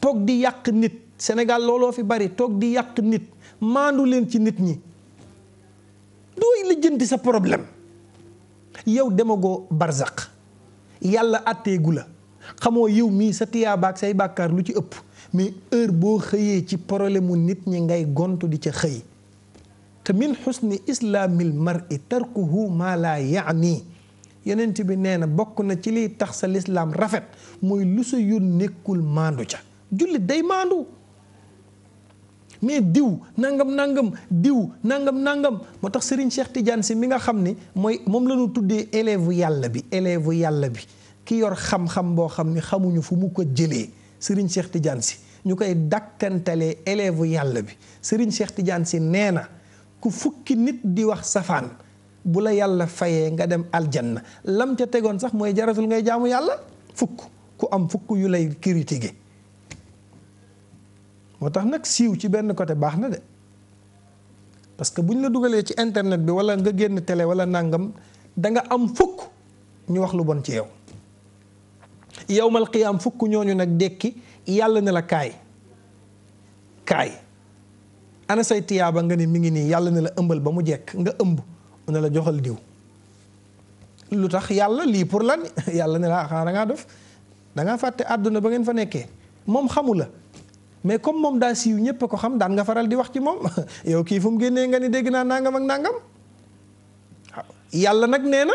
S1: toog di yàq nit Sénégal looloo fi bari toog di yàq nit maandu leen ci nit ñi dooy lijjanti sa problème yow demagoo barzak yàlla àtteegu la xamoo yow mii sa tiyaabaak say bàkkaar lu ci ëpp mais heure boo xëyee ci problème mu nit ñi ngay gontu di ca xëy te min xusni islaamil mar'i tarkuhu maa laa yaani yonent bi neena na bokk na ci liy tax sa lislaam rafet mooy lu sa yoon nekkul maandu ca jullit day maandu mais diw nangam nangam diw nangam nangam moo tax Serigne Cheikh Tidiane si mi nga xam ni mooy moom la ñu tuddee élève yàlla bi élève yàlla bi ki yor xam-xam boo xam ni xamuñu fu mu ko jëlee Serigne Cheikh Tidiane si ñu koy dakkantalee élève yàlla bi Serigne Cheikh Tidiane si nee na ku fukki nit di wax safaan bu la yàlla fayee nga dem na lam ca tegoon sax mooy jaratul ngay jaamu yàlla fukk ku am fukk yu lay critiquer moo tax nag siiw ci benn côté baax na de parce que bu ñu la dugalee ci internet bi wala nga génn tele wala nàngam danga am fukk ñu wax lu bon ci yow. yowmal qiyaam fukk ñooñu nag dékki yàlla ne la kaay kaay ana say tiyaaba nga ne mi ngi nii yàlla ne la ëmbal ba mu jekk nga ëmb ne la joxal diw. lu tax yàlla lii pour lan <laughs> yàlla ne la ah, xanaa da def da fàtte àdduna ba ngeen fa nekkee moom xamu la. mais comme moom daa siiw ñëpp ko xam daan nga faral di wax ci moom <laughs> yow kii fu mu génnee nga ni dégg naa nangam ak nangam yàlla nag nee na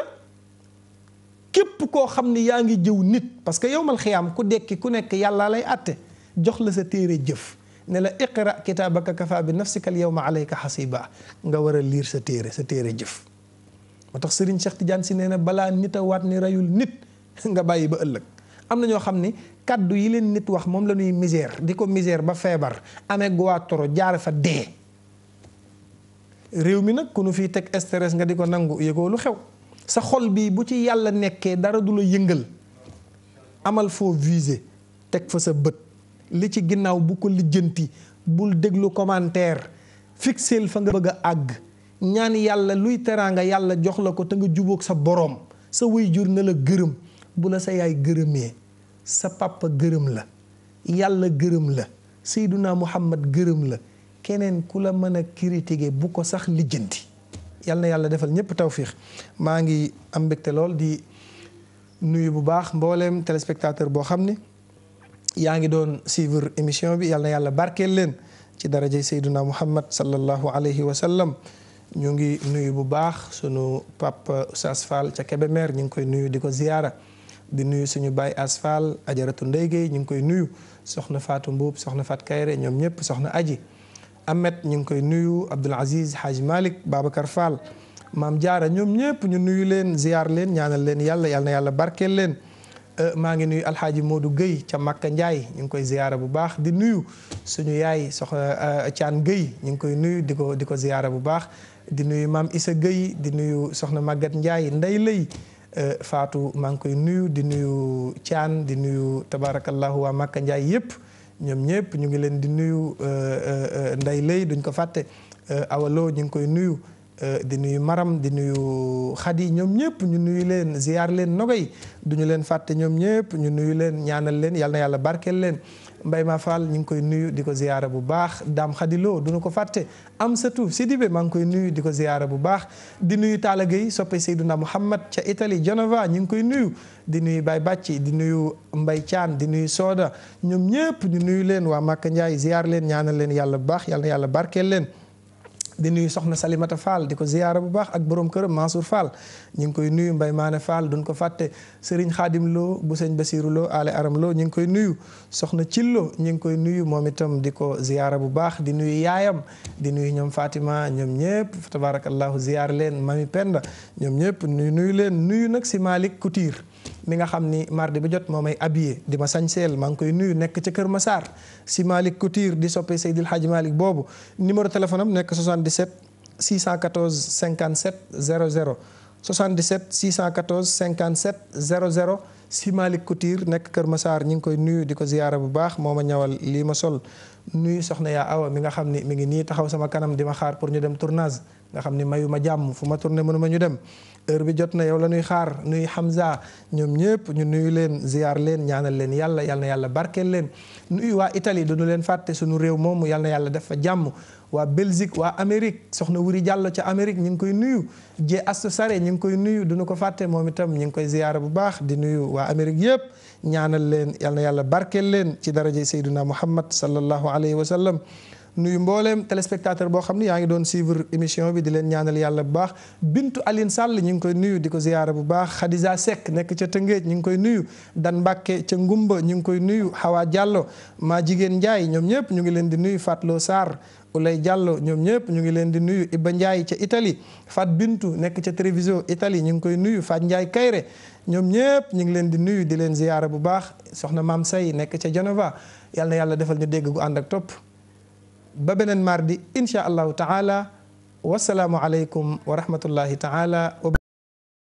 S1: képp koo xam ni yaa ngi jëw nit parce que yowmal xiyaam ku dekki ku nekk yàllaa lay àtte jox la sa téere jëf ne la iqra kitaabaka kafa bi si kal nafsika ma alay alayka xasiba nga war a liir sa téere sa téere jëf moo tax Serigne Cheikh Tidiane si nee na balaa nit a waat ni reyul nit <laughs> nga bàyyi ba ëllëg am na ñoo xam ni kàddu yi leen nit wax moom la ñuy di ko misère ba feebar amee guwaatoro jaare fa dee réew mi nag ku nu fiy teg stress nga di ko nangu yëgoo lu xew sa xol bi bu ci yàlla nekkee dara du la yëngal amal foo visé teg fa sa bët li ci ginnaaw bu ko lijjanti bul déglu commentaire fixeel fa nga bëgg a àgg ñaan yàlla luy teraanga yàlla jox la ko te nga jubóog sa boroom sa waajur na la gërëm bu la sa yaay gërëmee sa papa gërëm la yàlla gërëm la Seyduna Muhammad gërëm la keneen ku la mën a critiquer bu ko sax lijjanti yàlla yàlla defal ñëpp tawfiix maa ngi am mbégte lool di nuyu bu baax mbooleem téléspectateur boo xam ni yaa ngi doon suivre émission bi yàlla yàlla barkeel leen ci daraja Seyduna Muhammad sallallahu alayhi wa sallam ñu ngi nuyu bu baax sunu papa Oustaz Fall ca Kébémer ñu ngi koy nuyu di ko ziyaara di nuyu suñu baay asfal ajaratu ndéygéey ñu ngi koy nuyu soxna Fatou Mbuub soxna faat Kayre ñoom ñëpp soxna aji Amet ñu ngi koy nuyu Abdoul Aziz Hadj Malick Babacar Fall maam jaara ñoom ñëpp ñu nuyu leen ziar leen ñaanal leen yàlla yàlla na yàlla barkeel leen euh, maa ngi nuyu alxaaji moodu Guèye ca Makka Ndiaye ñu ngi koy ziyaara bu baax di nuyu suñu yaay soxna Thian euh, Guèye ñu ngi koy nuyu di ko di ko ziyaara bu baax di nuyu maam Issa Guèye di nuyu soxna Maguette Ndiaye nday lay Eh, faatu maa koy nuyu di nuyu Thian di nuyu tabarakallahu waa Makka Ndiaye yëpp ñoom ñëpp ñu ngi leen di nuyu eh, eh, Ndeye Leye duñ ko fàtte awaloo ñu ngi koy nuyu di nuyu Maram di nuyu Khady ñoom ñëpp ñu nuyu leen ziar leen nogay duñu leen fàtte ñoom ñëpp ñu nuyu leen ñaanal leen yàlla na yàlla barkeel leen mbay Ma Fall ñu ngi koy nuyu di ko ziyaara bu baax Dame Khady du duñu ko fàtte am satu Sidibé maa ngi koy nuyu di ko ziyaara bu baax di nuyu Talla Gueye soppe Seydouna Mouhamad ca itali Genova ñu ngi koy nuyu di nuyu Baye Bàcci di nuyu Mbaye Thian di nuyu Soda ñoom ñëpp ñu nuyu leen waa Màkka Ndiaye ziyaar leen ñaana leen yàlla bu baax yàlla yàlla barkeel leen di nuyu soxna Salimata Fall di ko ziyaara bu baax ak borom këram Mansour Fall ñu ngi koy nuyu Mbaye Maane Fall duñ ko fàtte Serigne xaadimloo bu sëñ Basiru Lo Ale Aram Lo ñu ngi koy nuyu soxna Cillo ñu ngi koy nuyu moom itam di ko ziyaara bu baax di nuyu yaayam di nuyu ñoom Fatima ñoom ñëpp tabarakallahu ziyaar leen Mami Penda ñoom ñëpp nuyu nuyu leen nuyu nag si Malick Couture mi nga xam ni mardi bi jot moo may habillé di ma sañseel maa ngi koy nuyu nekk ca Kër Massar si Malick Couture di soppee Seydil Hadji Malick boobu numéro téléphone am nekk 77 614 57 00 77 614 57 00 si Malick Couture nekk Kër Massar ñu ngi koy nuyu di ko ziyaara bu baax moo ma ñawal lii ma sol nuyu soxna yaa awa mi nga xam ni mi ngi nii taxaw sama kanam di ma xaar pour ñu dem tournage nga xam ni mayu ma jàmm fu ma tourné mënu ma ñu dem heure bi jot na yow la ñuy xaar nuy Hamza ñoom ñëpp ñu nuyu leen ziar leen ñaanal leen yàlla yal yàlla barkeel leen nuyu waa itali Italie duñu leen fàtte suñu réew moomu yal na yàlla def fa jàmm waa Belgique waa Amérique soxna Wuri Diallo ca Amérique ñu ngi koy nuyu jee astu sare ñu ngi koy nuyu duñu ko fàtte moom itam ñu ngi koy ziyaara bu baax di nuyu waa Amérique yëpp ñaanal leen yal yàlla barkeel leen ci daraje Seydina Muhammad sallallahu alayhi wa sallam nuyu mbooleem téléspectateur boo xam ne yaa ngi doon suivre émission bi di leen ñaanal yàlla bu baax Bintu alin sàll ñu ngi koy nuyu di ko ziyaara bu baax Khadija Seck nekk ca Tëngéej ñu ngi koy nuyu Dan Mbàkke ca Ngumba ñu ngi koy nuyu Hawa Diallo maa jigéen Ndiaye ñoom ñëpp ñu ngi leen di nuyu Fatloo Sarr Ulay Diallo ñoom ñëpp ñu ngi leen di nuyu Iba Ndiaye ca Italie Fat Bintu nekk ca télévision Italie ñu ngi koy nuyu Fat Ndiaye Kayre ñoom ñëpp ñu ngi leen di nuyu di leen ziyaara bu baax soxna Maam Say nekk ca Genova yàlla yàlla defal ñu dégg gu ànd ak topp ba beneen mardi incha allahu ta'ala wasalaamualeykum wa rahmatullahi ta'ala.